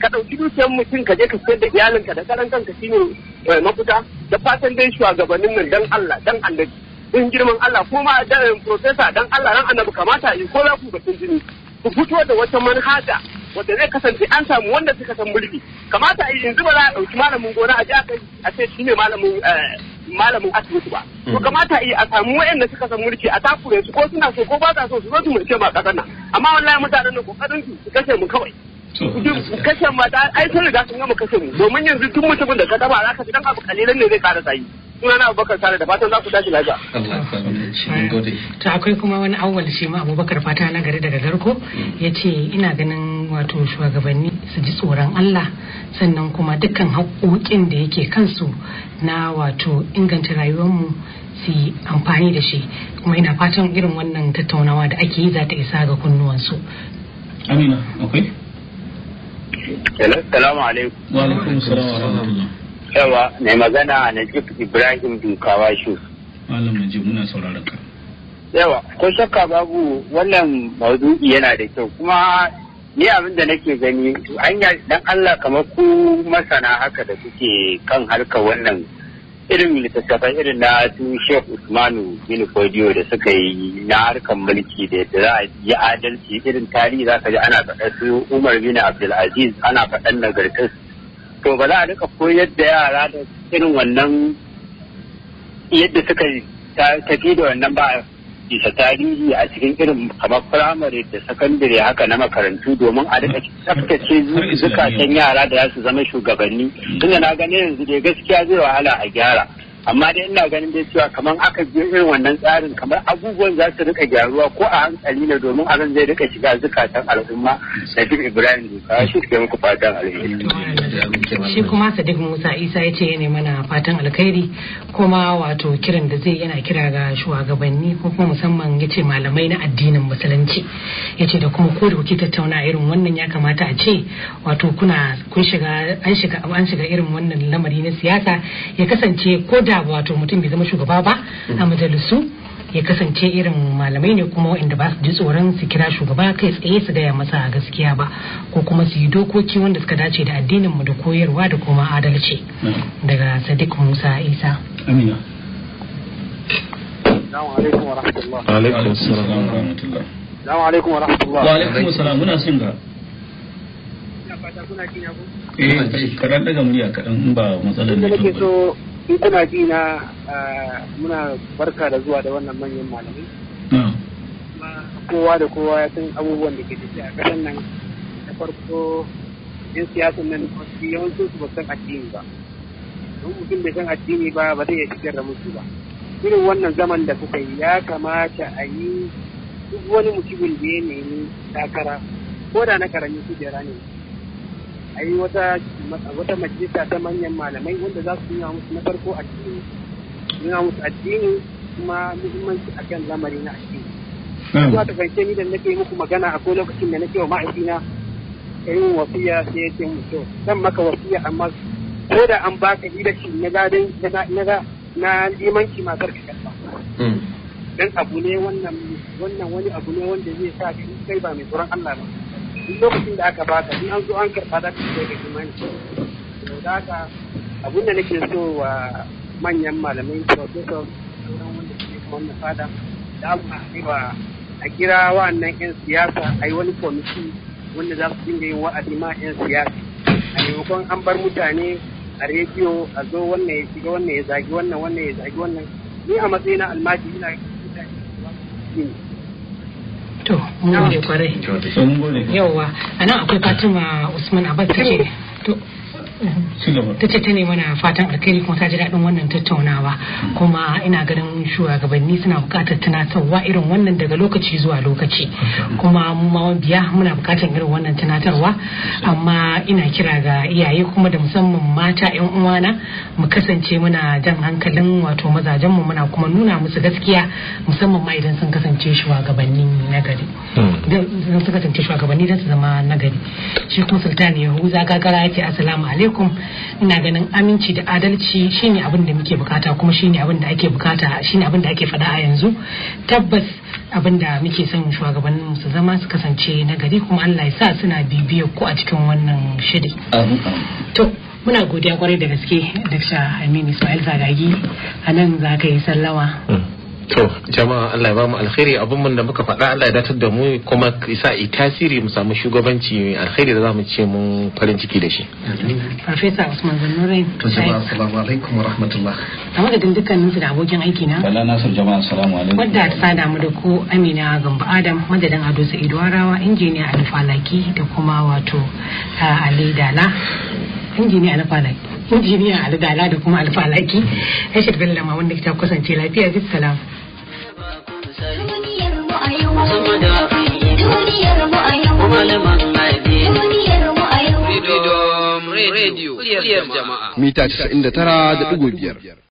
ka dauki dukiyar mutum ka je ka sayar da iyalinka da karan kanka shine eh, mafuta da fatan dai shugabannin nan dan Allah dan annabi in girman Allah ko ma da eh, professor dan Allah nan annabi kamata yi ko za ku batun jini ku fito da wata manhaja wanda zai kasance an samu wanda suka san mulki kamata a yanzu ba za a ɗauki malamin gona a jaka a ce shi ne malamin eh, malamin asibiti ba. To hmm. kamata a samu wayanda suka san mulki a takure su ko suna so ko ba sa so su zo su mulke ma kasar nan. Amma wallahi mutanen nan kokarin su kashe mu kawai. duk kashe mata ai sun riga sun gama kashe mu domin yanzu tun mutumin da ka taba za ka dan abu kalilan ne zai kara sayi suna na abubakar sare da fatan za ku tashi lafiya ta akwai kuma wani awwal shi ma abubakar fata na gari daga garko mm. ya ce ina ganin wato shugabanni su ji tsoron allah sannan kuma dukkan haƙoƙin da yake kansu na wato inganta rayuwarmu su yi amfani da shi kuma ina fatan irin wannan tattaunawa da ake yi za ta isa ga kunnuwansu amina akwai Assalamu alaikum. Wa alaikum salam wa rahmatullah. Yawa mai magana Najib Ibrahim Dukawa Shu. Malam Najib muna sauraron ka. Yawa ko shakka babu wannan maudu'i yana da kyau kuma ni abin da nake gani anya dan Allah kamar ku masana haka da kuke kan harkar wannan irin littattafai irin na su Sheikh Usmanu bin Fodiyo da suka yi na harkar mulki da yadda za a yi adalci irin tarihi za ka ji ana faɗa su Umar bin Abdulaziz ana faɗan nagartar to ba za a rika koyar da yara da irin wannan yadda suka tafi da wannan ba bisa tarihi a cikin irin kamar firamare da sakandare haka na makarantu domin a daga tsaftace zukatan yara da za su zama shugabanni tunda na gane yanzu dai gaskiya zai wahala a gyara amma dai ina ganin dai cewa kamar aka je irin wannan tsarin kamar abubuwan za su rika gyaruwa ko a hankali ne domin abin zai rika shiga zukatan al'umma duk Ibrahim Duka shi ke muku fatan alheri shi kuma Sadiq Musa Isa ya ce ya mana fatan alkhairi kuma wato kiran da zai yana kira ga shugabanni ko kuma musamman ya ce malamai na addinin musulunci ya ce da kuma ko da kuke tattauna irin wannan ya kamata a ce wato kuna kun shiga an shiga an shiga irin wannan lamari na siyasa ya kasance ko da da wato mutum bai zama shugaba ba a majalisu ya kasance irin malamai ne kuma wanda ba su ji tsoron su kira shugaba kai tsaye su gaya masa a gaskiya ba ko kuma su yi dokoki wanda suka dace da addinin mu da koyarwa da kuma adalci daga sadiq musa isa amina alaikum wa rahmatullah alaikum wa rahmatullah alaikum wa rahmatullah wa alaikum muna son ga eh kadan daga murya kadan ba matsalar ne so in kuna ji na muna barka da zuwa da wannan manyan malamai kowa da kowa ya san abubuwan da ke tafiya a ƙasar nan na farko yan siyasan nan yawancin su ba san addini ba don mutum bai san addini ba ba zai iya fitar da musu ba irin wannan zaman da kuka yi ya kamata a yi duk wani mutumin da ya nemi takara ko da na karamin jera ne a yi wata wata majalisa ta manyan malamai wanda za su nuna musu na farko addini nuna musu addini kuma muhimmanci akan lamari na addini Zuwa ta fahimce ni da nake muku magana a ko lokacin da nake wa ma'aikina irin wasiya sai yake to zan maka wasiya amma ko da an baka leadership na ladan na na limanci matar ka karba hmm. dan abu ne wannan wannan wani abu ne wanda zai sa kai ba mai tsoron Allah ba lokacin da aka baka in an zo an karɓa da ka ce ga kimanci da haka abin da nake so wa manyan malamai professor sauran wanda ke na fada da ba a kira wa'annan 'yan siyasa a yi wani kwamiti wanda za su dinga yin ma 'yan siyasa a maimakon an bar mutane a rediyo a zo wannan ya shiga wannan ya zagi wannan wannan ya zagi wannan ni a matsayin almaji ina mutane to na gode kwarai yauwa a nan akwai fatima usman abbas to ta ce ta ne mana fatan alkhairi kuma ta ji daɗin wannan tattaunawa kuma ina ganin shugabanni suna buƙatar tunatarwa irin wannan daga lokaci zuwa lokaci kuma mu biya muna buƙatar irin wannan tunatarwa amma ina kira ga iyaye kuma da musamman mata yan uwana mu kasance muna jan hankalin wato mazajen mu muna kuma nuna musu gaskiya musamman ma idan sun kasance shugabanni nagari hmm. idan sun kasance shugabanni don su zama nagari shi kuma sultani yahuza gagara yake assalamu alaikum alaikum ina ganin aminci da adalci shine abin da muke bukata kuma shine abin da ake bukata shine abin da ake faɗa a yanzu tabbas abin da muke son shugabannin su zama su kasance na gari kuma Allah ya sa suna bibiya ko a cikin wannan shiri to muna godiya kwarai da gaske Dr. Aminu Ismail Zagagi a za ka yi sallama mm. to jama'a Allah ya ba mu alkhairi abun da muka faɗa Allah ya datar da mu kuma isa yi tasiri mu samu shugabanci mai alkhairi da zamu ce mun farin ciki da shi Professor Usman Zanurai to jama'a assalamu alaikum wa rahmatullah a da dukkanin su da abokin aiki na Bala Nasir jama'a assalamu alaikum wadda ta sada mu da ko Amina Gambo Adam madadin Ado Sa'idu Warawa injiniya Ali Falaki da kuma wato Ali Dala injiniya Ali Falaki injiniya Ali Dala da kuma Alfalaki Rashid Bello ma wanda ta kusance lafiya salam. a mita 99.5